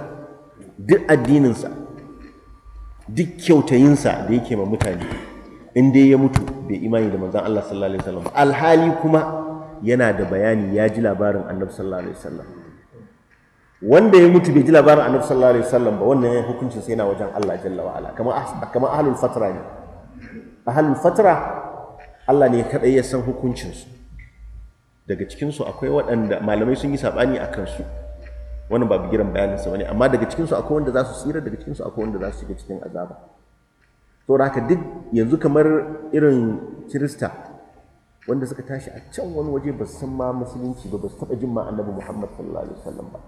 duk addininsa duk kyautayinsa da yake ma mutane in dai ya mutu bai imani da manzan Allah sallallahu alaihi wasallam alhali kuma yana da bayani ya ji labarin annabi sallallahu alaihi wasallam wanda ya mutu bai ji labarin annabi sallallahu alaihi wasallam ba wannan hukuncin sai yana wajen Allah jalla wa ala kamar kamar ahlul fatra ne ahalul fatra Allah ne kaɗai ya san hukuncinsu daga cikinsu akwai waɗanda malamai sun yi saɓani a kansu wani ba bigiran bayaninsa wani amma daga cikinsu akwai wanda za su tsira daga cikinsu akwai wanda za su shiga cikin azaba to haka duk yanzu kamar irin kirista wanda suka tashi a can wani waje ba su san ma musulunci ba ba su taɓa jin ma annabi muhammad sallallahu alaihi wasallam ba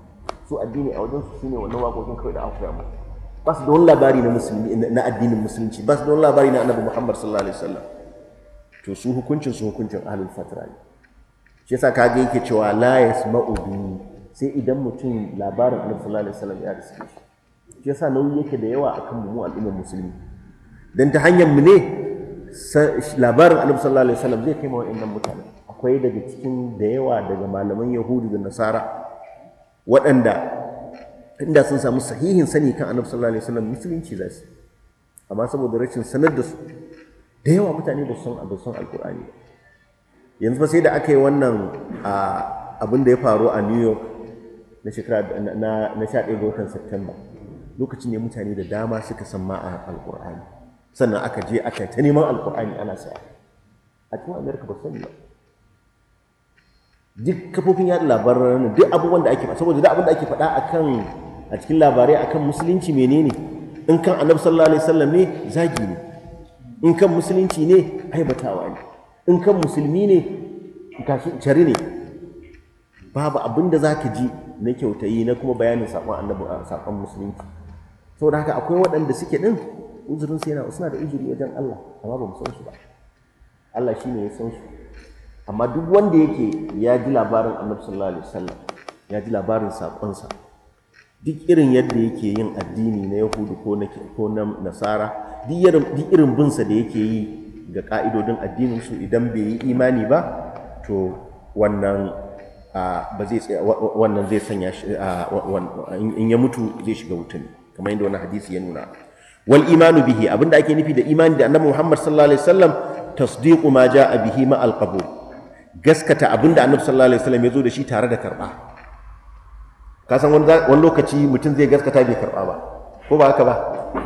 su addini a wajen su shine wannan waƙoƙin kawai da aka koya ba su da wani labari na musulmi na addinin musulunci ba su da wani labari na annabi muhammad sallallahu alaihi wasallam to su hukuncin su hukuncin ahlul fatra ne shi yasa kage yake cewa la yasma'u bi sai idan mutum labarin annabi sallallahu alaihi wasallam ya riske shi shi yasa nauyi yake da yawa akan mu al'ummar musulmi dan ta hanyar mu ne labarin annabi sallallahu alaihi wasallam zai kai ma wa'annan mutane akwai daga cikin da yawa daga malaman yahudu da nasara waɗanda inda sun samu sahihin sani kan annabi sallallahu alaihi wasallam musulunci za su amma saboda rashin sanar da su da yawa mutane ba su san ba san alkur'ani ba yanzu ba sai da aka yi wannan abin da ya faru a New York na shekara na na sha ga watan September lokacin ne mutane da dama suka san ma alkur'ani sannan aka je aka ta neman alkur'ani ana saya a cikin Amerika ba sani ba duk kafofin yaɗa labaran duk abubuwan da ake faɗa saboda duk abin da ake faɗa akan a cikin labarai akan musulunci menene in kan annabi sallallahu alaihi wasallam ne zagi ne in kan musulunci ne aibatawa ne in kan musulmi ne cari ne babu abin da za ka ji na kyautayi na kuma bayanin saƙon annabi saƙon musulunci saboda haka akwai waɗanda suke ɗin uzurin su yana suna da uzuri wajen Allah amma ba mu san su ba Allah shine ya san su amma duk wanda yake ya ji labarin annabi sallallahu alaihi wasallam ya ji labarin saƙonsa duk irin yadda yake yin addini na yahudu ko na nasara duk irin binsa da yake yi ga ka'idodin addininsu idan bai yi imani ba to wannan ba zai wannan zai sanya in ya mutu zai shiga wuta ne kamar yadda wani hadisi ya nuna wal imanu bihi abinda ake nufi da imani da annabi Muhammad sallallahu alaihi wasallam tasdiqu ma jaa bihi ma al gaskata abinda annabi sallallahu alaihi wasallam ya zo da shi tare da karba ka san wani lokaci mutum zai gaskata bai karba ba ko ba haka ba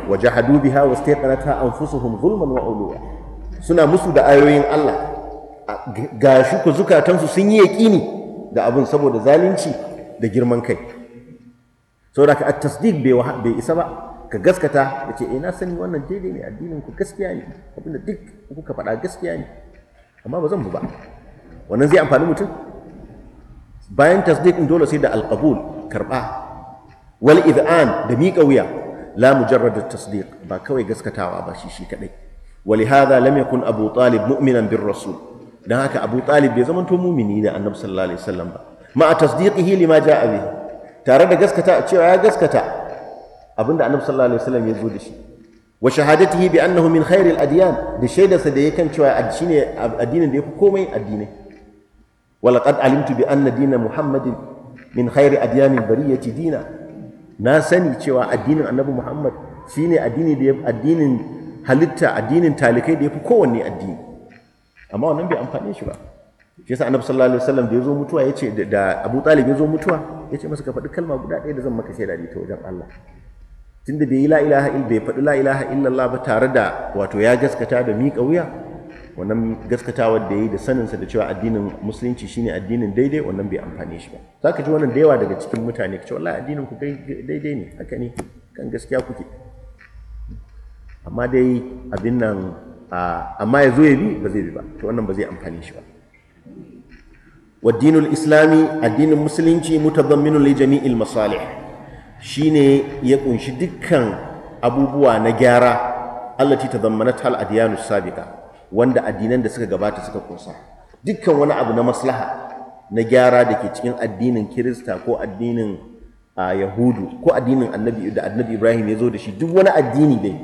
wa jahadu biha wa staqanata anfusuhum zulman wa uluwa suna musu da ayoyin Allah shi ku zukatansu sun yi yaqini da abun saboda zalunci da girman kai saboda ka at-tasdiq bai bai isa ba ka gaskata da ce ina eh, sani wannan daidai ne addinin ku gaskiya ne abinda duk kuka faɗa gaskiya ne amma ba zan bu ba wannan zai amfani mutum bayan tasdiqin dole sai da alqabul karba wal id'an da miƙa wuya la mujarrad tasdiq ba kawai gaskatawa ba shi shi kadai ولهذا لم يكن أبو طالب مؤمنا بالرسول ده هكا أبو طالب يزمن تو مؤمني ده النبي صلى الله عليه وسلم با. مع تصديقه لما جاء به ترى ده غسكتا cewa ya gaskata abinda annabi sallallahu alaihi wasallam ya zo da shi wa shahadatihi bi annahu min khairil adyan da shaidarsa da yakan cewa addini ne addinin da yafi komai addinai wa laqad alimtu bi anna dina muhammadin min khairi ya bariyati dina na sani cewa addinin annabi muhammad shine addini da addinin halitta addinin talikai da yafi kowanne addini amma wannan bai amfane shi ba shi yasa annabi sallallahu alaihi wasallam da yazo mutuwa yace da abu talib yazo mutuwa yace masa ka faɗi kalma guda ɗaya da zan maka shaida ta wajen Allah tunda bai yi la ilaha illa bai faɗi la ilaha illallah ba tare da wato ya gaskata da miƙa wuya wannan gaskatawa da ya yi da saninsa da cewa addinin musulunci shine addinin daidai wannan bai amfane shi ba za ka ji wannan da yawa daga cikin mutane ka ce wallahi addinin ku daidai ne haka ne kan gaskiya kuke amma dai abin nan amma ya zo ya bi ba zai bi ba to wannan ba zai amfane shi ba wa dinul islami addinin musulunci mutadamminun li jami'il masalih shine ya kunshi dukkan abubuwa na gyara allati tadammanat al adyanus sabiqa wanda addinan da suka gabata suka kunsa dukkan wani abu na maslaha na gyara da ke cikin addinin kirista ko addinin yahudu ko addinin annabi da annabi ibrahim ya zo da shi duk wani addini dai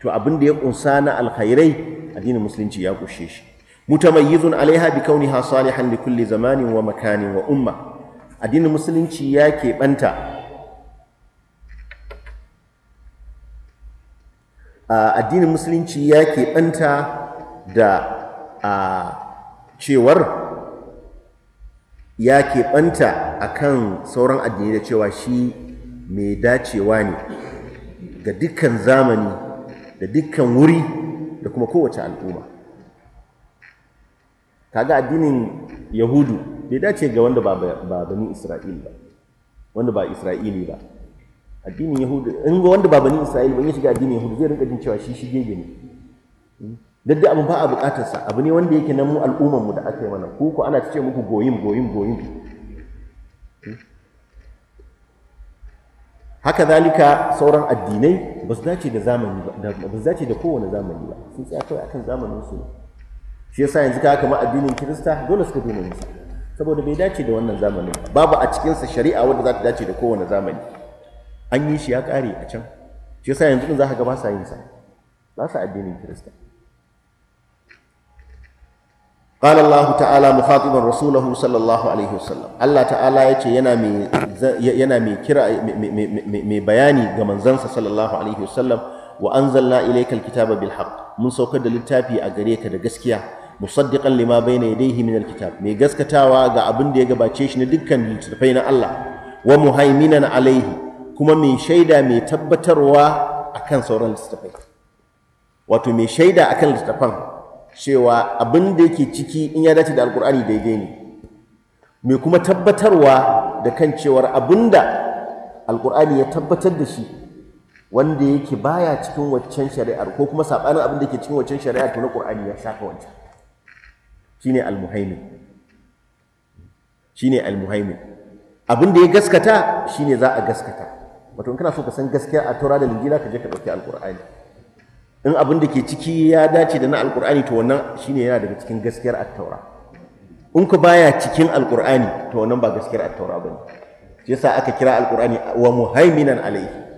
to abin da ya kunsa na alkhairai addinin musulunci ya kushe shi mutamayyizun alaiha bi kauniha salihan li kulle, zamanin wa makanin wa umma addinin musulunci ya banta addinin musulunci ya keɓanta da a cewar ya keɓanta a kan sauran addinai da cewa shi mai dacewa ne ga dukkan zamani da dukkan wuri da kuma kowace al'umma kaga addinin yahudu bai dace ga wanda ba bani isra'il ba wanda ba isra'ili ba addinin yahudu in wanda ba bani isra'il ba ya shiga addinin yahudu zai rinka jin cewa shi shige ne duk da abin ba a bukatarsa abu ne wanda yake nan mu al'ummar mu da aka yi mana ku ko ana ce muku goyim goyim goyim haka zalika sauran addinai ba su dace da zamani ba ba su dace da kowane zamani ba sun tsaya kawai akan zamanin su shi yasa yanzu ka kamar addinin kirista dole suka dole musa saboda bai dace da wannan zamanin ba babu a cikinsa shari'a wadda za ta dace da kowane zamani an yi shi ya kare a can shi yasa yanzu din za ka ga ba sa yin sa ba sa addinin kirista قال الله تعالى مخاطبا رسوله صلى الله عليه وسلم الله تعالى yace yana mai yana mai kira mai bayani ga manzansa sallallahu alaihi wasallam wa anzalna ilayka alkitaba bil haqq mun saukar da littafi a gare ka da gaskiya musaddiqan lima bayna yadayhi min alkitab mai gaskatawa ga abin da ya gabace shi na dukkan littafai na Allah wa muhaiminan alaihi kuma mai shaida mai tabbatarwa akan sauran littafai wato mai shaida akan littafan cewa abin da yake ciki in ya dace da alkur'ani daidai ne mai kuma tabbatarwa da kan cewar abin da alkur'ani ya tabbatar da shi wanda yake baya cikin waccan shari'ar ko kuma saɓanin abin da ke cikin waccan shari'ar to na ƙur'ani ya shafa wancan shine almuhaimin shine almuhaimin abin da ya gaskata shine za a gaskata wato in kana so ka san gaskiya a taura da linjila ka je ka ɗauki alkur'ani in abin da ke ciki ya dace da na alkur'ani to wannan shine yana daga cikin gaskiyar attaura in ku baya cikin alkur'ani to wannan ba gaskiyar attaura ba ne shi yasa aka kira alkur'ani wa muhaiminan alaihi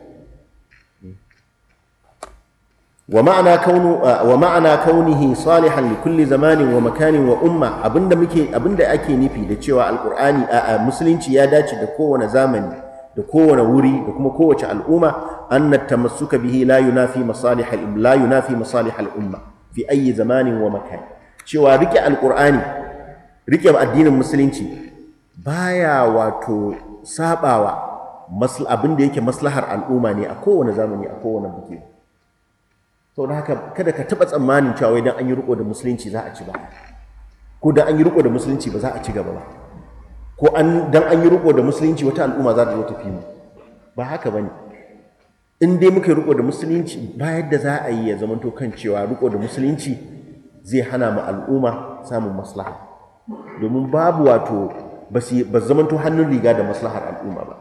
wa ma'ana kaunu wa ma'ana kaunihi salihan li kulli zamanin wa makanin wa umma abinda muke abinda ake nufi da cewa alkur'ani a musulunci ya dace da kowane zamani da kowane wuri da kuma kowace al'umma أن التمسك به لا ينافي مصالح لا ينافي مصالح الأمة في أي زمان ومكان شو ركع القرآن ركع الدين المسلمين baya wato sabawa abin da yake maslahar al'umma ne a kowane zamani a kowane buke sau da haka kada ka taɓa tsammanin cewa idan an yi riko da musulunci za a ci ba ko da an yi riko da musulunci ba za a ci gaba ba ko dan an yi riko da musulunci wata al'umma za ta zo ta fi mu ba haka ba ne in dai muka riko da musulunci bayan da za a yi ya zamanto kan cewa riko da musulunci zai hana mu al'umma samun maslaha domin babu wato ba zamanto hannun riga da maslahar al'umma ba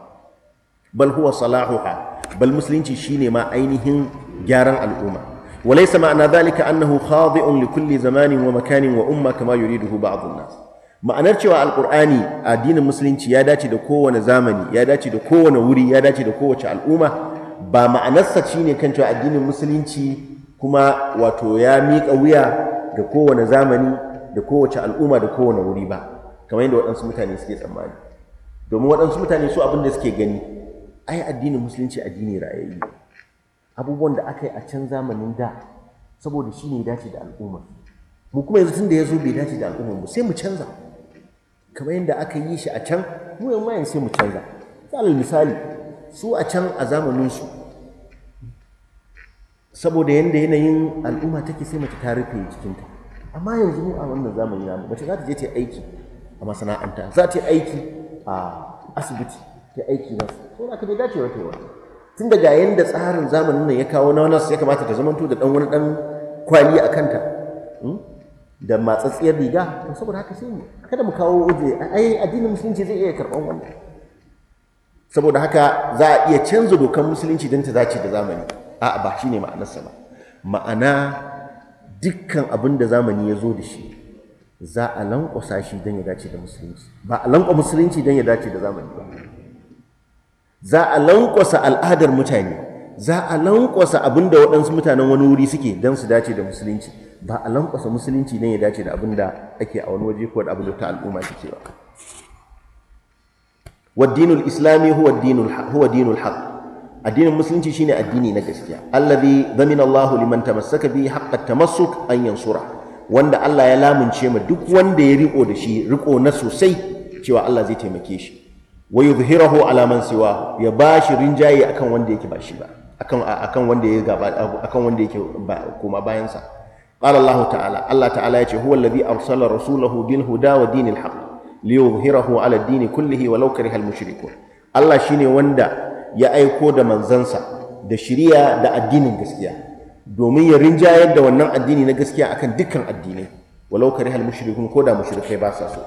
bal huwa salahuha bal musulunci shine ma ainihin gyaran al'umma وليس معنى ذلك أنه خاضع لكل زمان ومكان وأمة كما يريده بعض الناس ma'anar cewa alkur'ani addinin musulunci ya dace da kowane zamani ya dace da kowane wuri ya dace da kowace al'umma ba ma'anarsa ne kan cewa addinin musulunci kuma wato ya miƙa wuya da kowane zamani da kowace al'umma da kowane wuri ba kamar yadda waɗansu mutane suke tsammani domin waɗansu mutane su abin da suke gani ai addinin musulunci addini rayayyi abubuwan da aka yi a can zamanin da saboda shi ne ya dace da al'umma mu kuma yanzu tun da ya zo bai dace da al'umma mu sai mu canza kamar yadda aka yi shi a can mu yanzu sai mu canza misali su a can a zamaninsu saboda yadda yanayin al'umma take sai mace ta rufe cikinta. amma yanzu ne a wannan zamani namu mace za ta je ta yi aiki a masana'anta za ta yi aiki a asibiti ta aiki su ko aka bai dacewa ta wata tun da ga yadda tsarin zamanin nan ya kawo na nasu ya kamata ta zamanto da dan wani dan kwali a kanta hmm, da matsatsiyar riga to saboda haka sai mu kada mu kawo waje ai addinin musulunci zai iya karban wannan saboda haka za a iya canza dokar musulunci don ta dace da zamani a ba shine ma'anarsa ba ma'ana dukkan abin da zamani ya zo da shi za a lankwasa shi don ya dace da musulunci ba a lankwa musulunci don ya dace da zamani ba za a lankwasa al'adar mutane za a lankwasa abin da waɗansu mutanen wani wuri suke don su dace da musulunci ba a lankwasa musulunci don ya dace da abin da ake a wani waje ko da abin da ta al'umma ke cewa. Wa dinul islami huwa dinul هو addinin musulunci shine addini na gaskiya allazi zamina Allahu liman tamassaka bi haqqa tamassuk an yansura wanda Allah ya lamunce ma duk wanda ya riko da shi riko na sosai cewa Allah zai taimake shi wa yuzhirahu ala man siwa ya bashi rinjaye akan wanda yake ba shi ba akan akan wanda ya gaba akan wanda yake kuma bayan sa qala Allah ta'ala Allah ta'ala ya ce huwa allazi arsala rasulahu bil huda wa dinil haqq liyuzhirahu ala ad-din kullihi walau karihal Allah shine wanda ya aiko da manzansa da shiriya da addinin gaskiya domin ya rinjayar da wannan addini na gaskiya akan dukkan addinai walau hal mushrikun ko da mushrikai ba sa so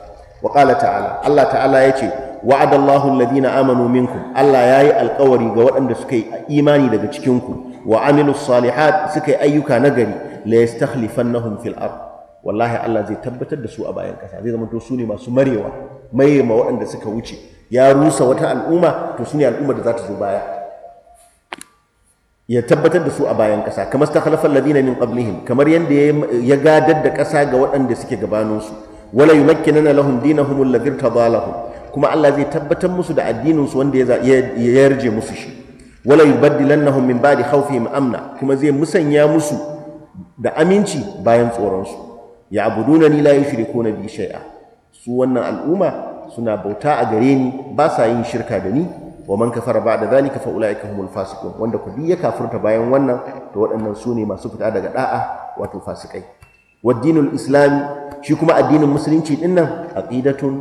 wa qala ta'ala Allah ta'ala yace wa'adallahu alladhina amanu minkum Allah yayi alkawari ga waɗanda suka yi imani daga cikin ku wa amilus salihat suka yi ayyuka nagari la yastakhlifannahum fil ard wallahi Allah zai tabbatar da su a bayan kasa zai zama to su ne masu marewa mai ma waɗanda suka wuce ya rusa wata al'umma to shine al'ummar da za ta zo baya ya tabbatar da su a bayan ƙasa kamar ta khalafa alladhina min qablihim kamar yadda ya gadar da ƙasa ga waɗanda suke gabaninsu wala yumakkinana lahum dinahum alladhi tadalahum kuma Allah zai tabbatar musu da addinin su wanda ya yarje musu shi wala yubaddilannahum min ba'di khawfihim amna kuma zai musanya musu da aminci bayan tsoron su ya abuduna ni la yushrikuna bi shay'a su wannan al'umma suna bauta a gare ni ba sa yin shirka da ni wa man kafara da zalika fa ulaika humul fasiqun wanda ku ya kafirta bayan wannan to waɗannan su ne masu fita daga da'a wato fasikai wa dinul islami shi kuma addinin musulunci din nan aqidatun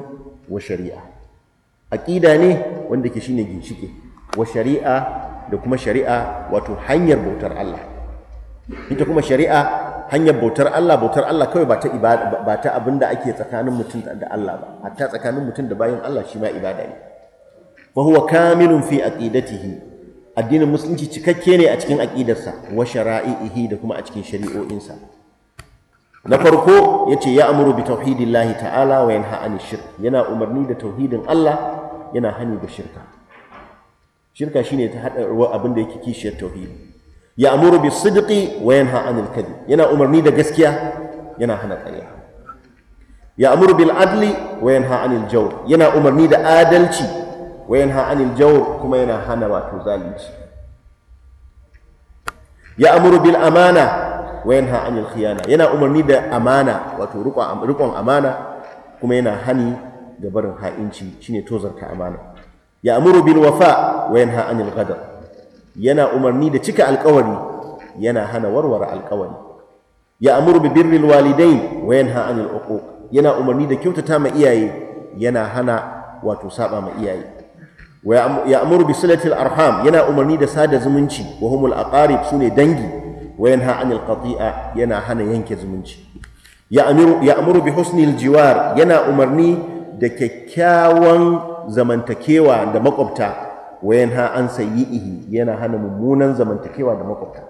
wa shari'a aqida ne wanda ke shine ginshike wa shari'a da kuma shari'a wato hanyar bautar Allah ita kuma shari'a hanyar bautar Allah bautar Allah kawai ba ta ibada ba ta abin da ake tsakanin mutum da Allah ba hatta tsakanin mutum da bayan Allah shi ma ibada ne fa huwa kamilun fi aqidatihi addinin musulunci cikakke ne a cikin aqidarsa wa shara'ihi da kuma a cikin shari'o'insa na farko yace ya amuru bi tauhidillahi ta'ala wa yanha 'ani shirk yana umarni da tauhidin Allah yana hani da shirka shirka shine ta hada abin da yake kishiyar tauhidi ya amuru bi sidqi wa yanha anil kadhib yana umarni da gaskiya yana hana ƙarya ya amuru bil adli wa yanha anil jawr yana umarni da adalci wa yanha anil jawr kuma yana hana wato zalunci ya amuru bil amana wa yanha anil khiyana yana umarni da amana wato riƙon amana kuma yana hani da barin ha'inci shine tozarka amana ya amuru bil wafa wa yanha anil ghadab yana umarni da cika alkawari yana hana warware alkawari ya amuru bi birril walidain wa yanha anil uquq yana umarni da kyautata ma iyaye yana hana wato saba ma iyaye wa ya amuru bi silatil arham yana umarni da sada zumunci wa humul aqarib sune dangi wa yanha anil qati'a yana hana yanke zumunci ya amuru ya amuru bi husnil jiwar yana umarni da kyakkyawan zamantakewa da makwabta wayan ha an sayyi'ihi yana hana mummunan zamantakewa da makwabta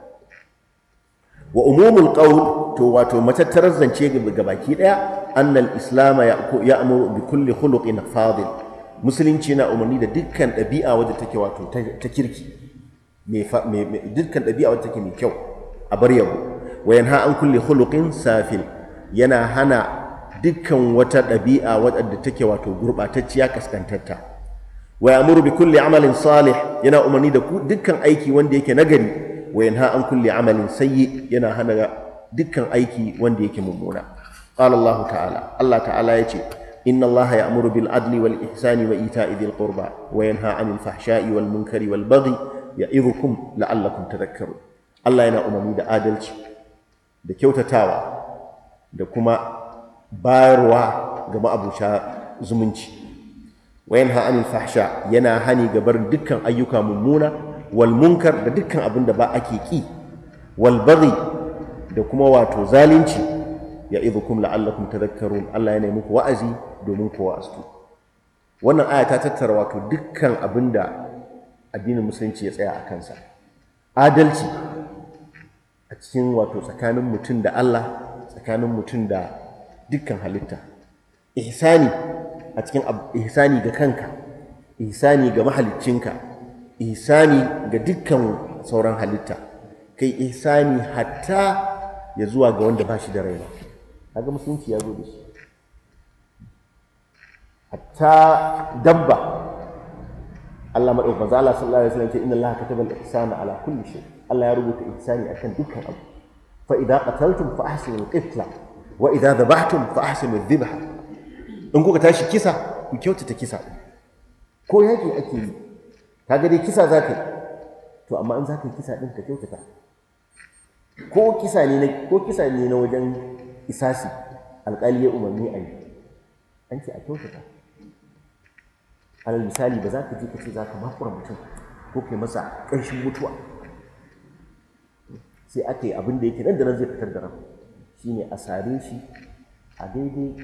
wa umumul qawl to wato matattarar zance ga baki daya annal islam ya'muru bi kulli khuluqin fadil musulunci na umarni da dukkan ɗabi'a wadda take wato ta kirki dukkan ɗabi'a wadda take mai kyau a bar yabo Wayan ha an kulli khuluqin safil yana hana dukkan wata ɗabi'a wadda take wato gurɓatacciya kaskantarta wa ya'muru bi kulli amalin salih yana umarni da dukkan aiki wanda yake nagari wa yanha an kulle amalin sayyi yana hana dukkan aiki wanda yake mummuna qala Allah ta'ala Allah ta'ala yace inna Allah ya'muru bil adli wal ihsani wa ita'i dhil qurba wa yanha 'anil fahsha'i wal munkari wal baghi ya'idhukum la'allakum tadhakkarun Allah yana umarni da adalci da kyautatawa da kuma bayarwa ga ma'abuta zumunci wa yanha anil fahsha yana hani ga barin dukkan ayyuka mummuna wal munkar da dukkan abin da ba ake ki wal baghi da kuma wato zalunci ya idhukum la'allakum tadhakkarun Allah yana muku wa'azi domin ku wa'astu wannan aya ta tattara wato dukkan abin da addinin musulunci ya tsaya a kansa adalci a cikin wato tsakanin mutum da Allah tsakanin mutum da dukkan halitta ihsani a cikin ihsani ga kanka ihsani ga mahaliccinka ihsani ga dukkan sauran halitta kai ihsani hatta ya zuwa ga wanda ba shi da raina kaga musulunci ya zo da shi hatta dabba Allah madaukakin manzo Allah sallallahu alaihi wasallam ce inna Allah kataba al-ihsana ala kulli shay Allah ya rubuta ihsani akan dukkan abu fa idza qataltum fa ahsinu al-qitla wa idza dhabhtum fa ahsinu adh-dhibha in kuka tashi kisa ku kyautata kisa ko yaƙi ake yi ka gari kisa za ka yi to amma in za ka yi kisa ɗin ka kyautata ko kisa ne na ko kisa ne na wajen isasi alƙali ya umarni a yi an ce a kyautata alal misali ba za ka je ka ce za ka makura mutum ko kai masa ƙarshen mutuwa sai aka yi abin da yake nan da nan zai fitar da ran Shi ne a sare shi a daidai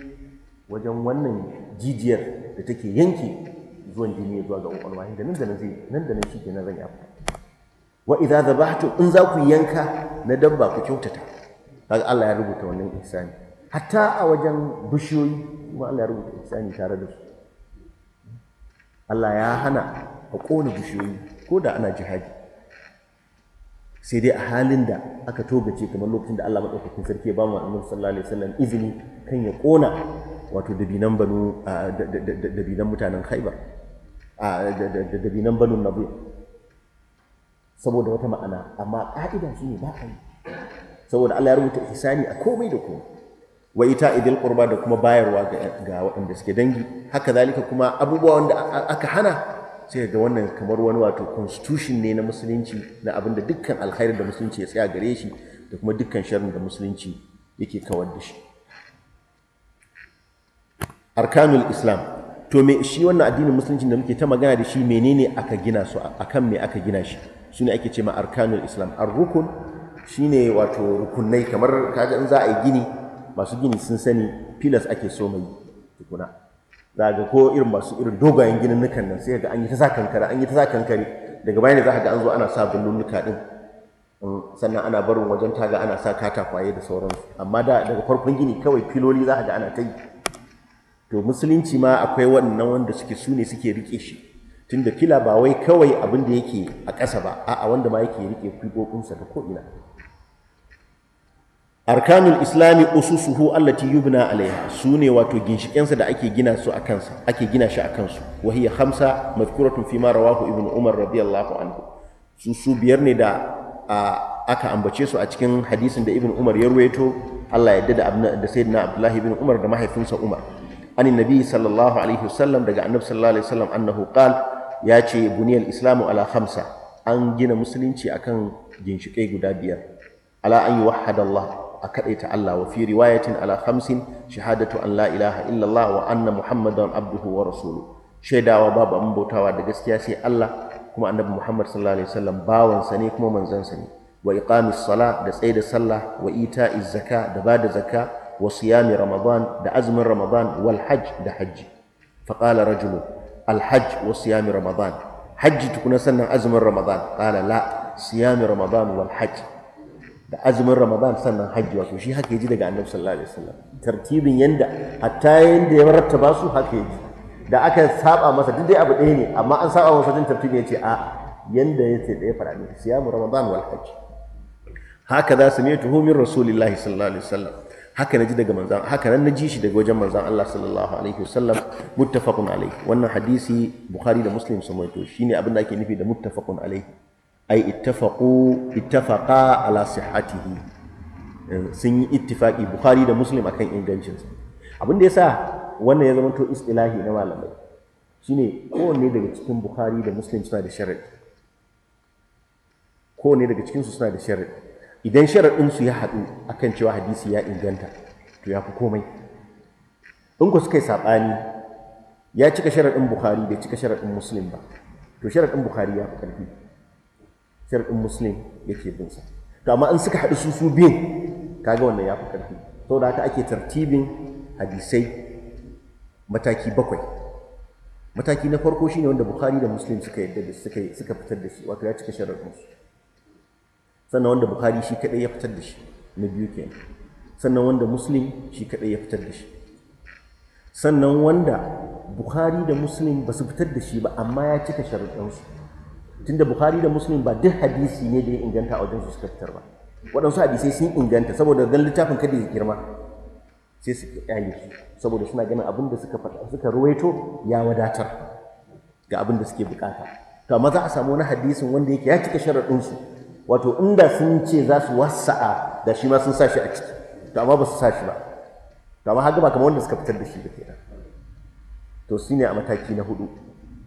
wajen wannan jijiyar da take yanke zuwan jini zuwa ga kwakwalwa inda nan da nan zai nan da nan shi ke nan zan yi wa idza dhabahtu in za ku yanka na dabba ku kyautata kaga Allah ya rubuta wannan ihsani hatta a wajen bishiyoyi kuma Allah ya rubuta ihsani tare da su Allah ya hana a kona bishiyoyi ko da ana jihadi sai dai a halin da aka togace kamar lokacin da Allah madaukakin sarki ya ba mu Annabi sallallahu alaihi wasallam izini kan ya kona wato dabinan banu dabinan mutanen khaibar dabinan banu nabi saboda wata ma'ana amma ƙa'idan su ne ba a yi saboda Allah ya rubuta ihsani a komai da komai wa ita idil qurba da kuma bayarwa ga waɗanda suke dangi haka zalika kuma abubuwa wanda aka hana sai ga wannan kamar wani wato constitution ne na musulunci na abin da dukkan alkhairin da musulunci ya tsaya gare shi da kuma dukkan sharrin da musulunci yake kawar da shi arkanul islam to me shi wannan addinin musulunci da muke ta magana da shi menene aka gina su akan me aka gina shi su ake ce ma arkanul islam arrukun shine wato rukunai kamar kaga in za a yi gini masu gini sun sani pillars ake so mai tukuna za ga ko irin masu irin dogayen ginin nukan nan sai ga an yi ta sa kankare an yi ta sa kankare daga baya ne za ga an zo ana sa nuka din mm, sannan ana barin wajen taga ana sa katakwaye da sauransu amma da daga farkon gini kawai filoli za ga ana ta yi to musulunci ma akwai wannan wanda suke su ne suke rike shi tunda kila ba wai kawai abin da yake a ƙasa ba a'a wanda ma yake rike kwibokunsa da ko'ina arkanul islami ususuhu allati yubna alaiha su ne wato ginshikensa da ake gina su a kansa ake gina shi a kansu wa hiya khamsa tun fi ma rawahu ibn umar radiyallahu anhu su su biyar ne da aka ambace su a cikin hadisin da ibn umar ya ruwaito Allah ya dada da sayyidina abdullahi ibn umar da mahaifinsa umar an nabi sallallahu alaihi wasallam daga annabi sallallahu alaihi wasallam annahu qal ya ce buniyal islamu ala khamsa an gina musulunci akan ginshiƙai guda biyar ala an yuwahhada Allah a ta Allah wa fi riwayatin ala khamsin shahadatu an la ilaha illallah wa anna muhammadan abduhu wa rasuluhu shaidawa babu abin bautawa da gaskiya sai Allah kuma annabi Muhammad sallallahu alaihi wasallam bawansa ne kuma manzansa ne wa iqamis da tsaye da sallah wa ita'iz zaka da bada zakka wa siyami ramadan da azumin ramadan wal hajj da hajji faƙala rajulu al hajj wa siyami ramadan hajji tukuna sannan azumin ramadan ƙala la siyami ramadan wal hajj da azumin ramadan sannan hajji wato shi haka yaji daga annabi sallallahu alaihi ya su da aka saba masa duk dai abu ɗaya ne amma an saba masa din tartibin ce a'a yanda ya ce ɗaya fara ne siyamu ramadan wal hajj haka za su ne tuhumin rasulillahi sallallahu alaihi wasallam haka na ji daga manzan haka nan ji shi daga wajen manzan Allah sallallahu alaihi wasallam muttafaqun alaihi wannan hadisi bukhari da muslim sun rawaito shine abin da ake nufi da muttafaqun alaihi ai ittafaqu ittafaqa ala sihhatihi eh, sun yi ittifaqi bukhari da muslim akan ingancinsa abin da yasa wannan ya zama to istilahi na malamai shine kowanne daga cikin bukhari da muslim suna da sharadi kowanne daga cikinsu suna da sharadi idan su ya haɗu akan cewa hadisi ya inganta to ya fi komai in ku suka yi saɓani ya cika sharaɗin bukhari bai cika sharaɗin muslim ba to sharaɗin bukhari ya fi ƙarfi sharaɗin muslim yake bin sa to amma in suka haɗu su su biyun kaga wannan ya fi ƙarfi saboda haka ake tartibin hadisai mataki bakwai mataki na farko shine wanda bukhari da muslim suka yadda suka fitar da shi wato ya cika sharaɗin su sannan wanda bukhari shi kadai ya fitar da shi na biyu kenan sannan wanda muslim shi kadai ya fitar da shi sannan wanda bukhari da muslim ba su fitar da shi ba amma ya cika sharuɗansu tunda bukhari da muslim ba duk hadisi ne da ya inganta a wajen su suka fitar ba waɗansu hadisai sun inganta saboda don littafin kada ya girma sai su ƙyale su saboda suna ganin abin da suka faɗa suka ruwaito ya wadatar ga abin da suke bukata to amma za a samu wani hadisin wanda yake ya cika sharaɗinsu wato inda sun ce za su wasa'a da shi ma sun sa shi a ciki to amma ba su sa shi ba to amma haka ba kamar wanda suka fitar da shi da ke to su ne a mataki na hudu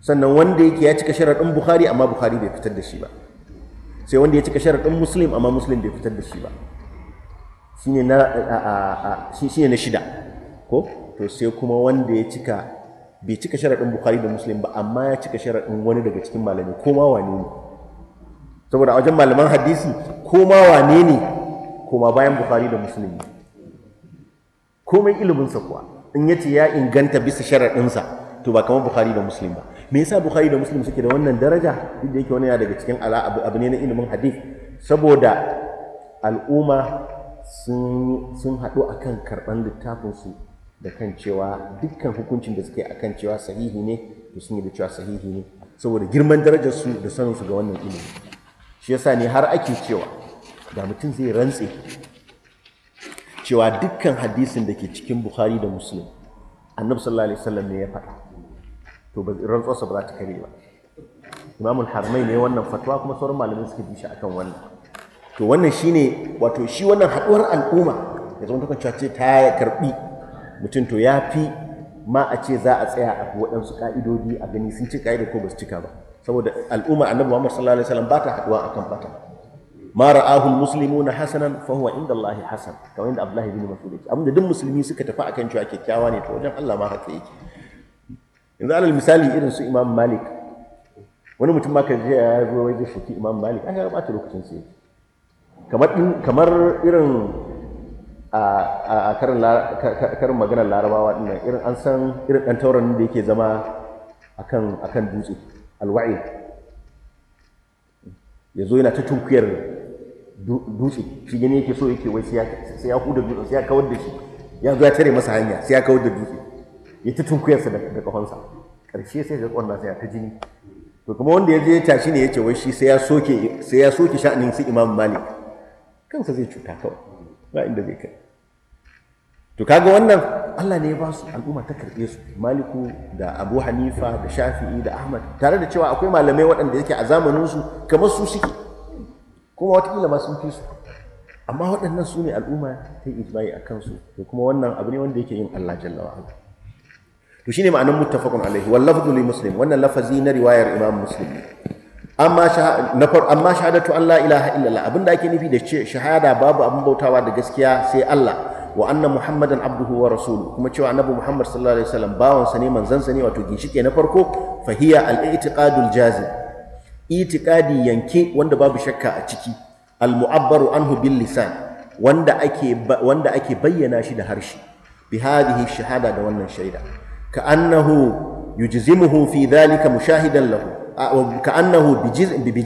sannan wanda yake ya cika sharaɗin bukhari amma bukhari bai fitar da shi ba sai wanda ya cika sharaɗin muslim amma muslim bai fitar da shi ba shine na shine na shida ko to sai kuma wanda ya cika bai cika sharaɗin bukhari da muslim ba amma ya cika sharaɗin wani daga cikin malami ko ma wane ne saboda a wajen malaman hadisi ko ma wane ne ma bayan bukhari da musulmi komai iliminsa kuwa in yace ya inganta bisa sharaɗinsa to ba kamar bukhari da Musulmi ba me yasa bukhari da Musulmi suke da wannan daraja duk da yake wani daga cikin ala abu ne na ilimin hadisi? saboda al'umma sun haɗu haɗu akan karɓar littafinsu da kan cewa dukkan hukuncin da suke a kan cewa sahihi ne to sun yi da cewa sahihi ne saboda girman darajar su da saninsu ga wannan ilimi shi yasa ne har ake cewa da mutum zai rantse cewa dukkan hadisin da ke cikin bukhari da muslim annabi sallallahu alaihi wasallam ne ya faɗa to ba rantsuwarsa ba za ta kare ba imamul harmai ne wannan fatwa kuma sauran malamai suka bi shi akan wannan to wannan shine wato shi wannan haɗuwar al'umma ya zama ta ce ta karɓi mutum to ya fi ma a ce za a tsaya a waɗansu ƙa'idodi a gani sun ci ƙa'ida ko ba su cika ba saboda al'umma annabi Muhammad sallallahu alaihi wasallam ba ta haduwa akan bata ma ra'ahu almuslimuna hasanan fa huwa inda Allah hasan kamar inda Abdullah ibn Mas'ud yake amma duk musulmi suka tafi akan cewa kyakkyawa ne to wajen Allah ma haka yake yanzu alal misali irin su Imam Malik wani mutum ma je ya zo wajen shaki Imam Malik an ga ta lokacin sai kamar kamar irin a karin maganar larabawa dinnan irin an san irin dan tauran da yake zama akan dutse alwa'id ya zo yana ta tunkuyar dutse shi gani yake so yake wai sai ya huda dutse sai ya kawar da shi ya zo ya tare masa hanya sai ya kawar da dutse ya ta tunkuyarsa da kafansa ƙarshe sai ya ƙwallon sai ya ta jini to kuma wanda ya je ya tashi ne ya ce wai shi sai ya soke sai ya soke sha'anin su imam malik kansa zai cuta kawai ba inda zai kai to kaga wannan Allah ne ya ba su al'umma ta karɓe su maliku da abu hanifa da shafi'i da ahmad tare da cewa akwai malamai waɗanda yake a zamanin su kamar su suke kuma watakila ma sun fi su amma waɗannan su ne al'umma ta yi ijma'i a kansu to kuma wannan abu ne wanda yake yin Allah jalla wa to shine ma'anan muttafaqun alaihi wal lafzu li muslim wannan lafazi na riwayar imam muslim amma na far amma shahadatu an la ilaha illallah abinda ake nufi da shahada babu abin bautawa da gaskiya sai Allah wa anna muhammadan abduhu wa rasuluhu kuma cewa annabi muhammad sallallahu alaihi wasallam bawan sa ne manzon sa ne wato ginshike na farko fa hiya al i'tiqadul jazim itiqadi yanke wanda babu shakka a ciki al mu'abbaru anhu bil lisan wanda ake wanda ake bayyana shi da harshe bi hadhihi shahada da wannan shaida ka annahu yujzimuhu fi dhalika mushahidan lahu ka annahu bi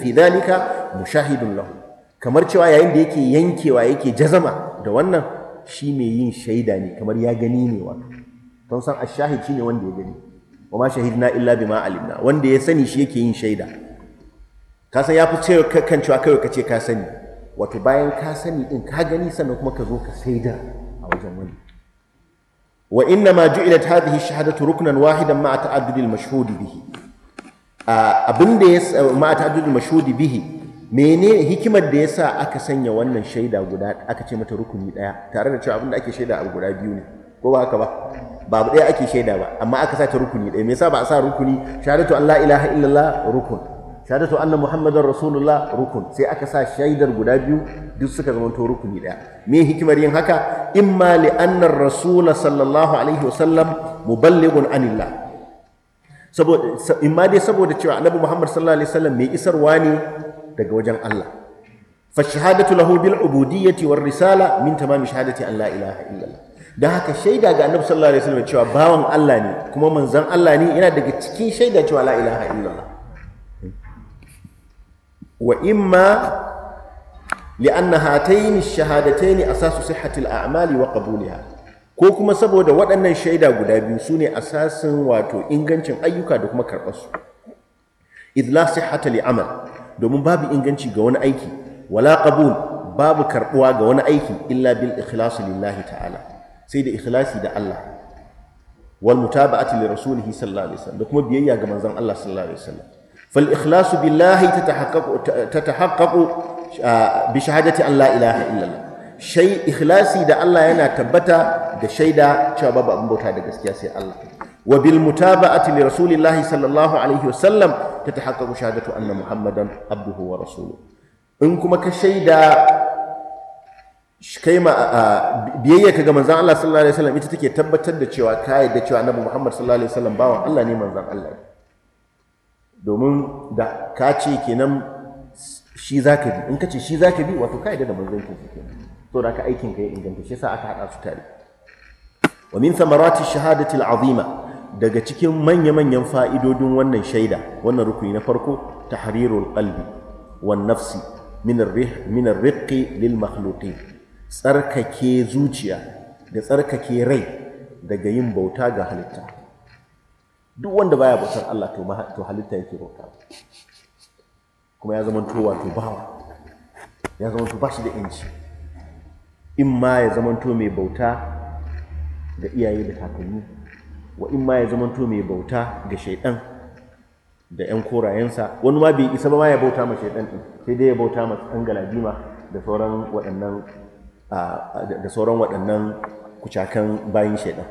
fi dhalika mushahidun lahu kamar cewa yayin da yake yankewa yake jazama da wannan shi mai yin shaida ne kamar ya gani ne wato don san ashahid ne wanda ya gani wa ma shahidna illa bima alimna wanda ya sani shi yake yin shaida ka san ya fi cewa kan cewa kai ka ce ka sani wato bayan ka sani din ka gani sannan kuma ka zo ka saida a wajen wani wa inna ma ju'ilat hadhihi shahadatu ruknan wahidan ma'a ta'addudil mashhudi bihi abinda ya ma'a ta'addudil mashhudi bihi mene hikimar da yasa aka sanya wannan shaida guda aka ce mata rukuni daya tare da cewa abinda ake shaida abu guda biyu ne ko ba haka ba babu ɗaya ake shaida ba amma aka sa ta rukuni ɗaya me yasa ba a sa rukuni shahadatu an la ilaha illallah rukun shahadatu anna muhammadar rasulullah rukun sai aka sa shaidar guda biyu duk suka zama to rukuni ɗaya me hikimar yin haka imma li anna rasul sallallahu alaihi wasallam muballighun anillah saboda imma dai saboda cewa annabi muhammad sallallahu alaihi wasallam mai isarwa ne daga wajen Allah fa shahadatu lahu bil ubudiyyati war risala min tamami shahadati an la ilaha illallah da haka shaida ga annabi sallallahu alaihi wasallam cewa bawan Allah ne kuma manzon Allah ne yana daga cikin shaida cewa la ilaha illallah wa imma li'anna hatayn ash-shahadatayn asasu sihhati al-a'mali ko kuma saboda waɗannan shaida guda biyu su ne asasin wato ingancin ayyuka da kuma karɓarsu idla sihhata amal domin babu inganci ga wani aiki wala qabul babu karbuwa ga wani aiki illa bil ikhlas lillahi ta'ala sai da ikhlasi da Allah wal mutaba'ati li rasulihi sallallahu alaihi wasallam da kuma biyayya ga manzon Allah sallallahu alaihi wasallam fal ikhlas billahi tatahaqqaqu tatahaqqaqu ah, bi shahadati an la ilaha illallah shay ikhlasi da Allah yana tabbata da shaida cewa babu abin bauta da gaskiya sai Allah wa bil mutaba'ati li rasulillahi sallallahu alaihi wasallam ta تتحقق شهادة أن محمدا عبده ورسوله إن كما كشيدا kaima biyayya ka ga manzon Allah sallallahu alaihi wasallam ita take tabbatar da cewa ka yadda cewa Annabi Muhammad sallallahu alaihi wasallam bawan Allah ne manzon Allah domin da ka ce kenan shi zaka bi in ka ce shi zaka bi wato ka yadda da manzon ka kenan to da ka aikin ka ya inganta shi sa aka hada su tare wa min thamarati shahadati al-azima daga cikin manya-manyan fa'idodin wannan shaida wannan rukuni na farko tahrirul qalbi wa nafsi minar ar lil makhluqin tsarkake zuciya da tsarkake rai daga yin bauta ga halitta duk wanda baya bautar Allah to halitta yake bauta kuma ya zama to bawa ya zama to bashi da inci in ma ya zama to mai bauta ga iyaye da kakanni wa in ma ya zamanto mai bauta ga shaidan da yan korayensa wani ma bai isa ba ma ya bauta ma shaidan din sai dai ya bauta ma ɗan galadima da sauran waɗannan kucakan bayan shaidan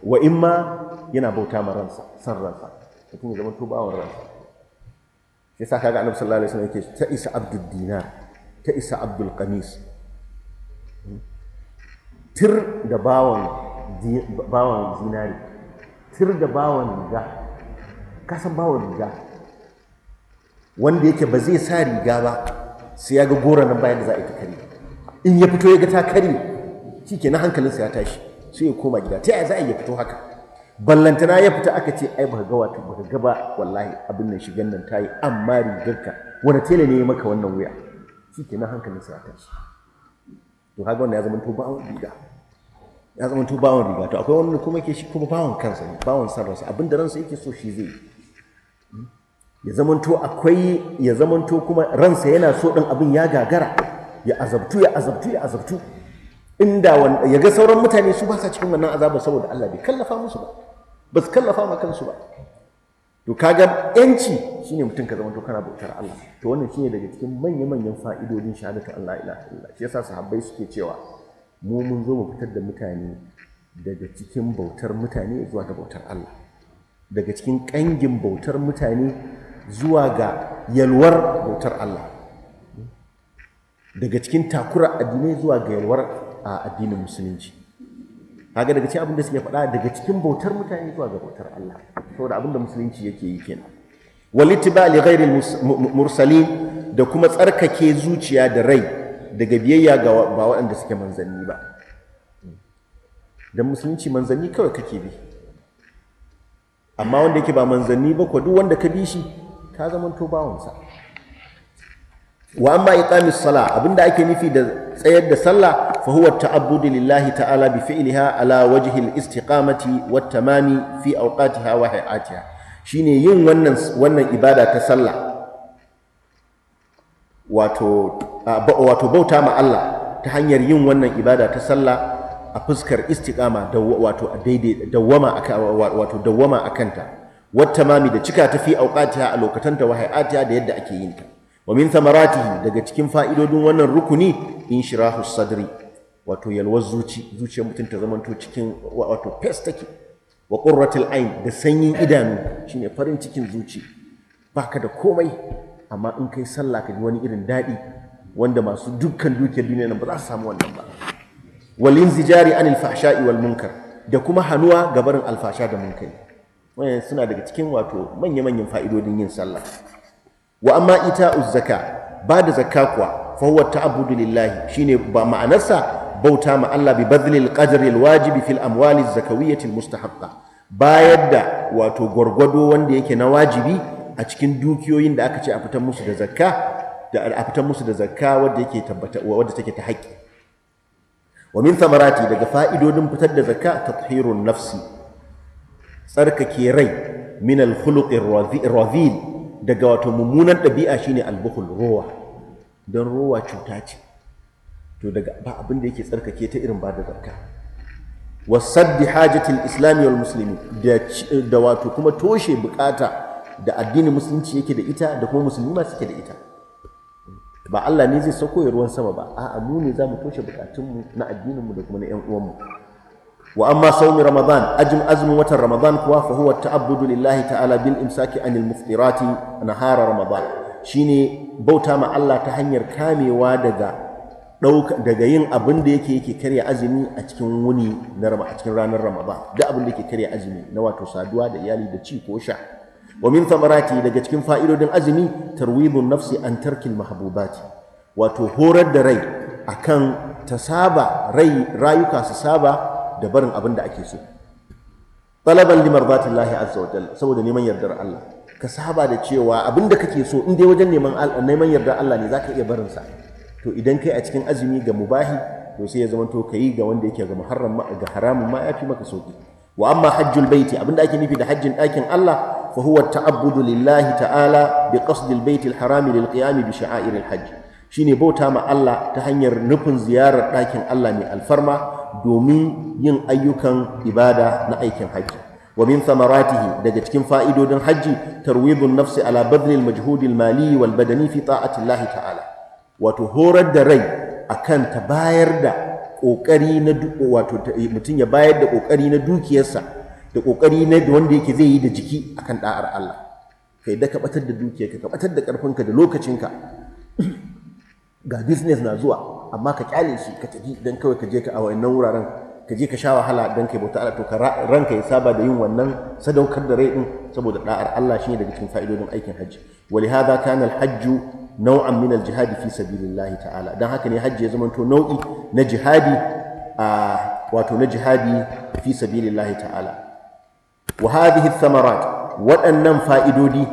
wa in ma yana bauta ma ransa san ransa mutum ya zamanto bawon ransa Ya sa kaga annabi sallallahu alaihi wasallam yake ta isa abdul dinar ta isa abdul qamis hmm. tir da bawan bawan zinari tir da bawan riga kasan bawan riga wanda yake ba zai sa riga ba sai ya ga gora nan bayan da za a yi ta kare in ya fito ya ga ta kare shi ke na hankalinsa ya tashi sai ya koma gida ta yaya za a yi ya fito haka ballantana ya fita aka ce ai baka ga wato baka ga ba wallahi abin nan shigan nan yi amma rigarka wani tela ne ya maka wannan wuya shi ke na hankalinsa ya tashi to haka wanda ya zama to ba wani riga ya zama to bawan riga to akwai wani kuma ke shi kuma bawan kansa ne bawan sarrafa abin da ransa yake so shi zai ya zamanto akwai ya zamanto kuma ransa yana so ɗin abin ya gagara ya azabtu ya azabtu ya azabtu inda wanda ya ga sauran mutane su ba sa cikin wannan azabar saboda Allah bai kallafa musu ba ba su kallafa ma kansu ba to kaga yanci shine mutum ka zamanto kana bautar Allah to wannan shine daga cikin manya manyan fa'idodin shahadatu Allah ilaha illallah shi yasa sahabbai suke cewa mu mun zo mu fitar da mutane daga cikin bautar mutane zuwa ga bautar Allah daga cikin ƙangin bautar mutane zuwa ga yalwar bautar Allah daga cikin takura addinai zuwa ga yalwar a addinin musulunci kaga daga cikin abin da suke faɗa daga cikin bautar mutane zuwa ga bautar Allah saboda abin da musulunci yake yi kenan walitibali ghairil mursalin da kuma tsarkake zuciya da rai daga biyayya ga ba waɗanda suke manzanni ba don musulunci manzanni kawai kake bi amma wanda yake ba manzanni ba ko duk wanda ka bi shi ka zama to bawansa wa amma iqamis sala abinda ake nufi da tsayar da sallah fa huwa ta'abbudu lillahi ta'ala bi fi'liha ala wajhi al-istiqamati wat tamami fi awqatiha wa Shi shine yin wannan ibada ta sallah wato bauta ma Allah ta hanyar yin wannan ibada ta sallah a fuskar istiqama da wato a daidai dawwama akan wato dawwama akanta mami da cika ta fi auqatiha a lokatanta wa hayatiha da yadda ake yin ta wa min thamaratihi daga cikin fa'idodin wannan rukuni inshirahu sadri wato yalwar zuci zuciyar mutum ta zamanto cikin wato pestaki take wa qurratul ain da sanyin idanu shine farin cikin zuci baka da komai amma in kai sallah ka ji wani irin daɗi wanda masu dukkan dukiyar duniya nan ba za su samu wannan ba walin zijari an fahsha'i wal munkar da kuma hannuwa ga barin alfasha da munkari wannan suna daga cikin wato manya-manyan fa'idodin yin sallah wa amma ita uzzaka ba da zakka kuwa fa huwa ta'budu lillahi shine ba ma'anarsa bauta ma Allah bi al qadri wajibi fil amwali zakawiyyati almustahaqqa bayar da wato gwargwado wanda yake na wajibi a cikin dukiyoyin da aka ce a fitar musu da zakka da a fitar musu da zakka wadda yake tabbata wadda take ta haƙƙi wa min thamarati daga fa'idodin fitar da zakka tathhirun nafsi tsarkake rai min al-khuluqir radhil daga wato mummunan ɗabi'a shine al-bukhl ruwa don ruwa cuta ce to daga ba abin da yake tsarkake ta irin ba da zakka wasaddi hajatil islami wal musulmi da wato kuma toshe bukata da addinin musulunci yake da ita da kuma musulmi ma suke da ita ba Allah ne zai sako ya ruwan sama ba a'a mu ne zamu toshe bukatunmu na addininmu da kuma na ƴan mu. wa amma sawmi ramadan ajm azumin watan ramadan kuwa fa huwa ta'abbudu lillahi ta'ala bil imsaki anil muftirati nahara ramadan shine bauta ma Allah ta hanyar kamewa daga daga yin abin da yake yake karya azumi a cikin wuni na a cikin ranar ramadan Da abin da yake karya azumi na wato saduwa da iyali da ci ko sha wa min thamarati daga cikin fa'idodin azumi tarwidun nafsi an tarkil mahbubati wato horar da rai akan ta saba rai rayuka su saba da barin abin da ake so talaban limardatillahi azza wa jalla saboda neman yardar Allah ka saba da cewa abin da kake so in dai wajen neman neman yardar Allah ne zaka iya barin sa to idan kai a cikin azumi ga mubahi to sai ya zama to kai ga wanda yake ga haramun ma yafi maka sauki wa amma hajjul baiti abinda ake nufi da hajjin ɗakin Allah fa huwa ta'abbudu lillahi ta'ala bi qasdil baitil harami lil qiyam bi sha'airil hajj shine bauta ma Allah ta hanyar nufin ziyarar ɗakin Allah mai alfarma domin yin ayyukan ibada na aikin hajji wa min thamaratihi daga cikin fa'idodin hajji tarwidun nafsi ala badlil majhudil mali wal badani fi ta'ati Allah ta'ala wato horar da rai a kan ta bayar da kokari ya bayar da kokari na dukiyarsa da ƙoƙari na da wanda yake zai yi da jiki a kan ɗa'ar Allah kai da ka ɓatar da dukiya, ka ɓatar da ƙarfinka da lokacinka ga business na zuwa amma ka ƙyale shi ka tafi don kawai ka je ka a wannan wuraren ka je ka sha wahala don kai bauta Allah to ka ranka ya saba da yin wannan sadaukar da rai din saboda da'ar Allah shine daga cikin fa'idodin aikin hajji Wali walihada kana hajju nau'an minal jihadi fi sabilillahi ta'ala dan haka ne hajji ya to nau'i na jihadi a wato na jihadi fi sabilillahi ta'ala wa hadhihi thamarat waɗannan fa'idodi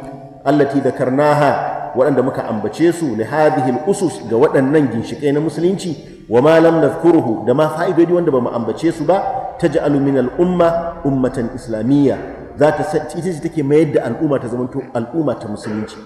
da karnaha waɗanda muka ambace su li hadhihi usus ga waɗannan ginshiƙai na musulunci wa ma lam nadhkuruhu da ma fa'idodi wanda bamu ambace su ba Ta min al umma ummatan islamiyya za ta ita ce take mayar da al'umma ta zamanto al'umma ta musulunci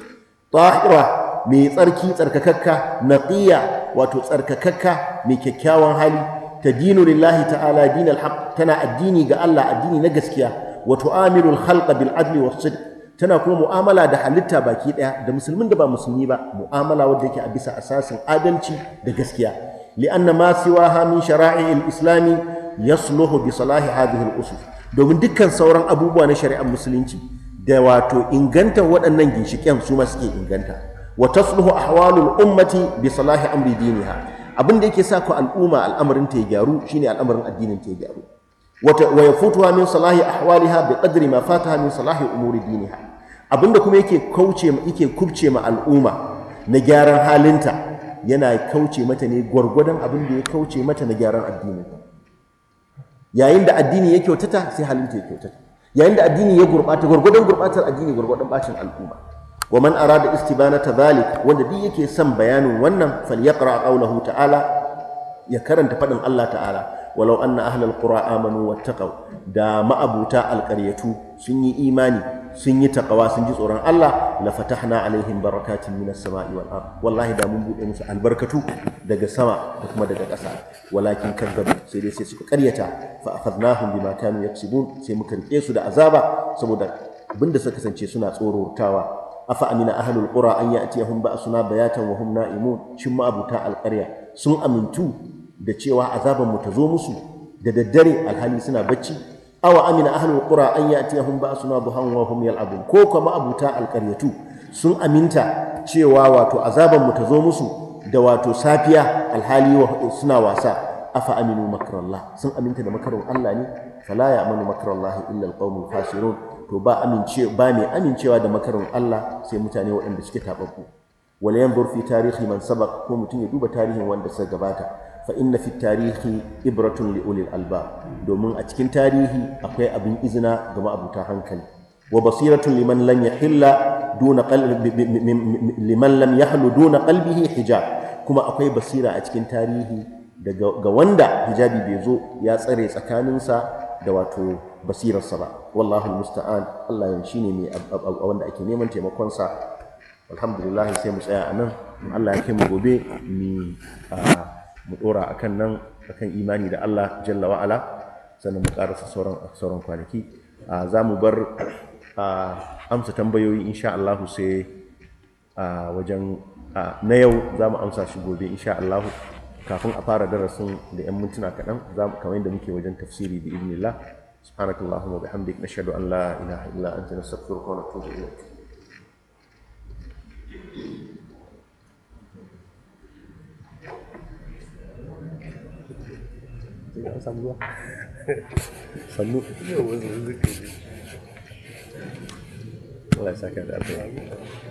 tahira mai tsarki tsarkakakka naqiya wato tsarkakakka mai kyakkyawan hali ta dinu lillahi ta'ala dinal haqq tana addini ga Allah addini na gaskiya Wato tu'amilu al-khalqa bil adli was sidq tana kuma mu'amala da halitta baki daya da musulmin da ba musulmi ba mu'amala wadda yake a bisa asasin adalci da gaskiya li'anna ma siwaha min shara'i al-islami yasluhu bi salahi hadhihi al-usul domin dukkan sauran abubuwa na shari'ar musulunci da wato ingantan waɗannan ginshiƙen su ma suke inganta wa tasluhu ahwalul ummati bi salahi amri diniha abin da yake sa ku al'umma al'amarin ta ya gyaru shine al'amarin addinin ta ya wa yafutuha min salahi ahwaliha bi qadri ma fataha min salahi umuri diniha abinda kuma yake kauce yake kubce ma al'umma na gyaran halinta yana kauce mata ne gwargwadon abin da ya kauce mata na gyaran addini yayin da addini ya kyautata sai halinta ya kyautata yayin da addini ya gurbata gwargwadon gurbatar addini gwargwadon bacin al'umma wa man arada istibanata zalik wanda duk yake son bayanin wannan falyaqra qawlahu ta'ala ya karanta fadin Allah ta'ala walau anna ahlal qura amanu wattaqau da ma'abuta alƙaryatu sun yi imani sun yi taqawa sun ji tsoron Allah la fatahna alaihim barakatin minas sama'i wal wallahi da mun bude musu albarkatu daga sama da kuma daga ƙasa walakin kadzabu sai dai sai suka ƙaryata fa akhadnahum bima kanu yaksibun sai mu rike su da azaba saboda abinda suka kasance suna tsorotawa afa amina ahlul qura an ya'tiyahum ba'suna bayatan wa hum na'imun shin ma abuta alqarya sun amintu da cewa azaban mu ta zo musu da daddare alhali suna bacci awa amina ahlul qura an ya'tiyahum ba'suna buhan wa hum yal'abun ko kuma abuta alqaryatu sun aminta cewa wato azaban mu ta zo musu da wato safiya alhali suna wasa afa aminu makrallah sun aminta da makarin Allah ne fala ya'manu makrallahi illa alqawmul fasirun to ba amince ba mai amincewa da makarin Allah sai mutane waɗanda suke tababbu wala yanzur fi tarihi man sabaq ko mutum ya duba tarihin wanda suka gabata fa inna fi tarihi ibratun li ulil alba domin a cikin tarihi akwai abin izina ga ma'abuta hankali wa basiratun liman lam yahilla duna liman lam yahlu duna qalbihi hijab kuma akwai basira a cikin tarihi daga ga wanda hijabi bai zo ya tsare tsakaninsa da wato basirarsa ba wallahu musta'an Allah ya shine mai wanda ake neman taimakon sa alhamdulillah sai mu tsaya anan Allah ya kai mu gobe mu ah, mu dora akan nan akan imani da Allah jalla wa ala sannan mu karasa sauran sauran kwanaki za mu bar amsa tambayoyi insha Allah sai wajen na yau za mu amsa shi gobe insha Allah kafin a fara darasin da 'yan mintuna kaɗan za mu kamar yadda muke wajen tafsiri bi ibnillah subhanakallahumma bihamdik nashhadu an la ilaha illa anta nastaghfiruka wa natubu ilayk Sambua. Sambu. Ya, wes. saya sakit apa lagi?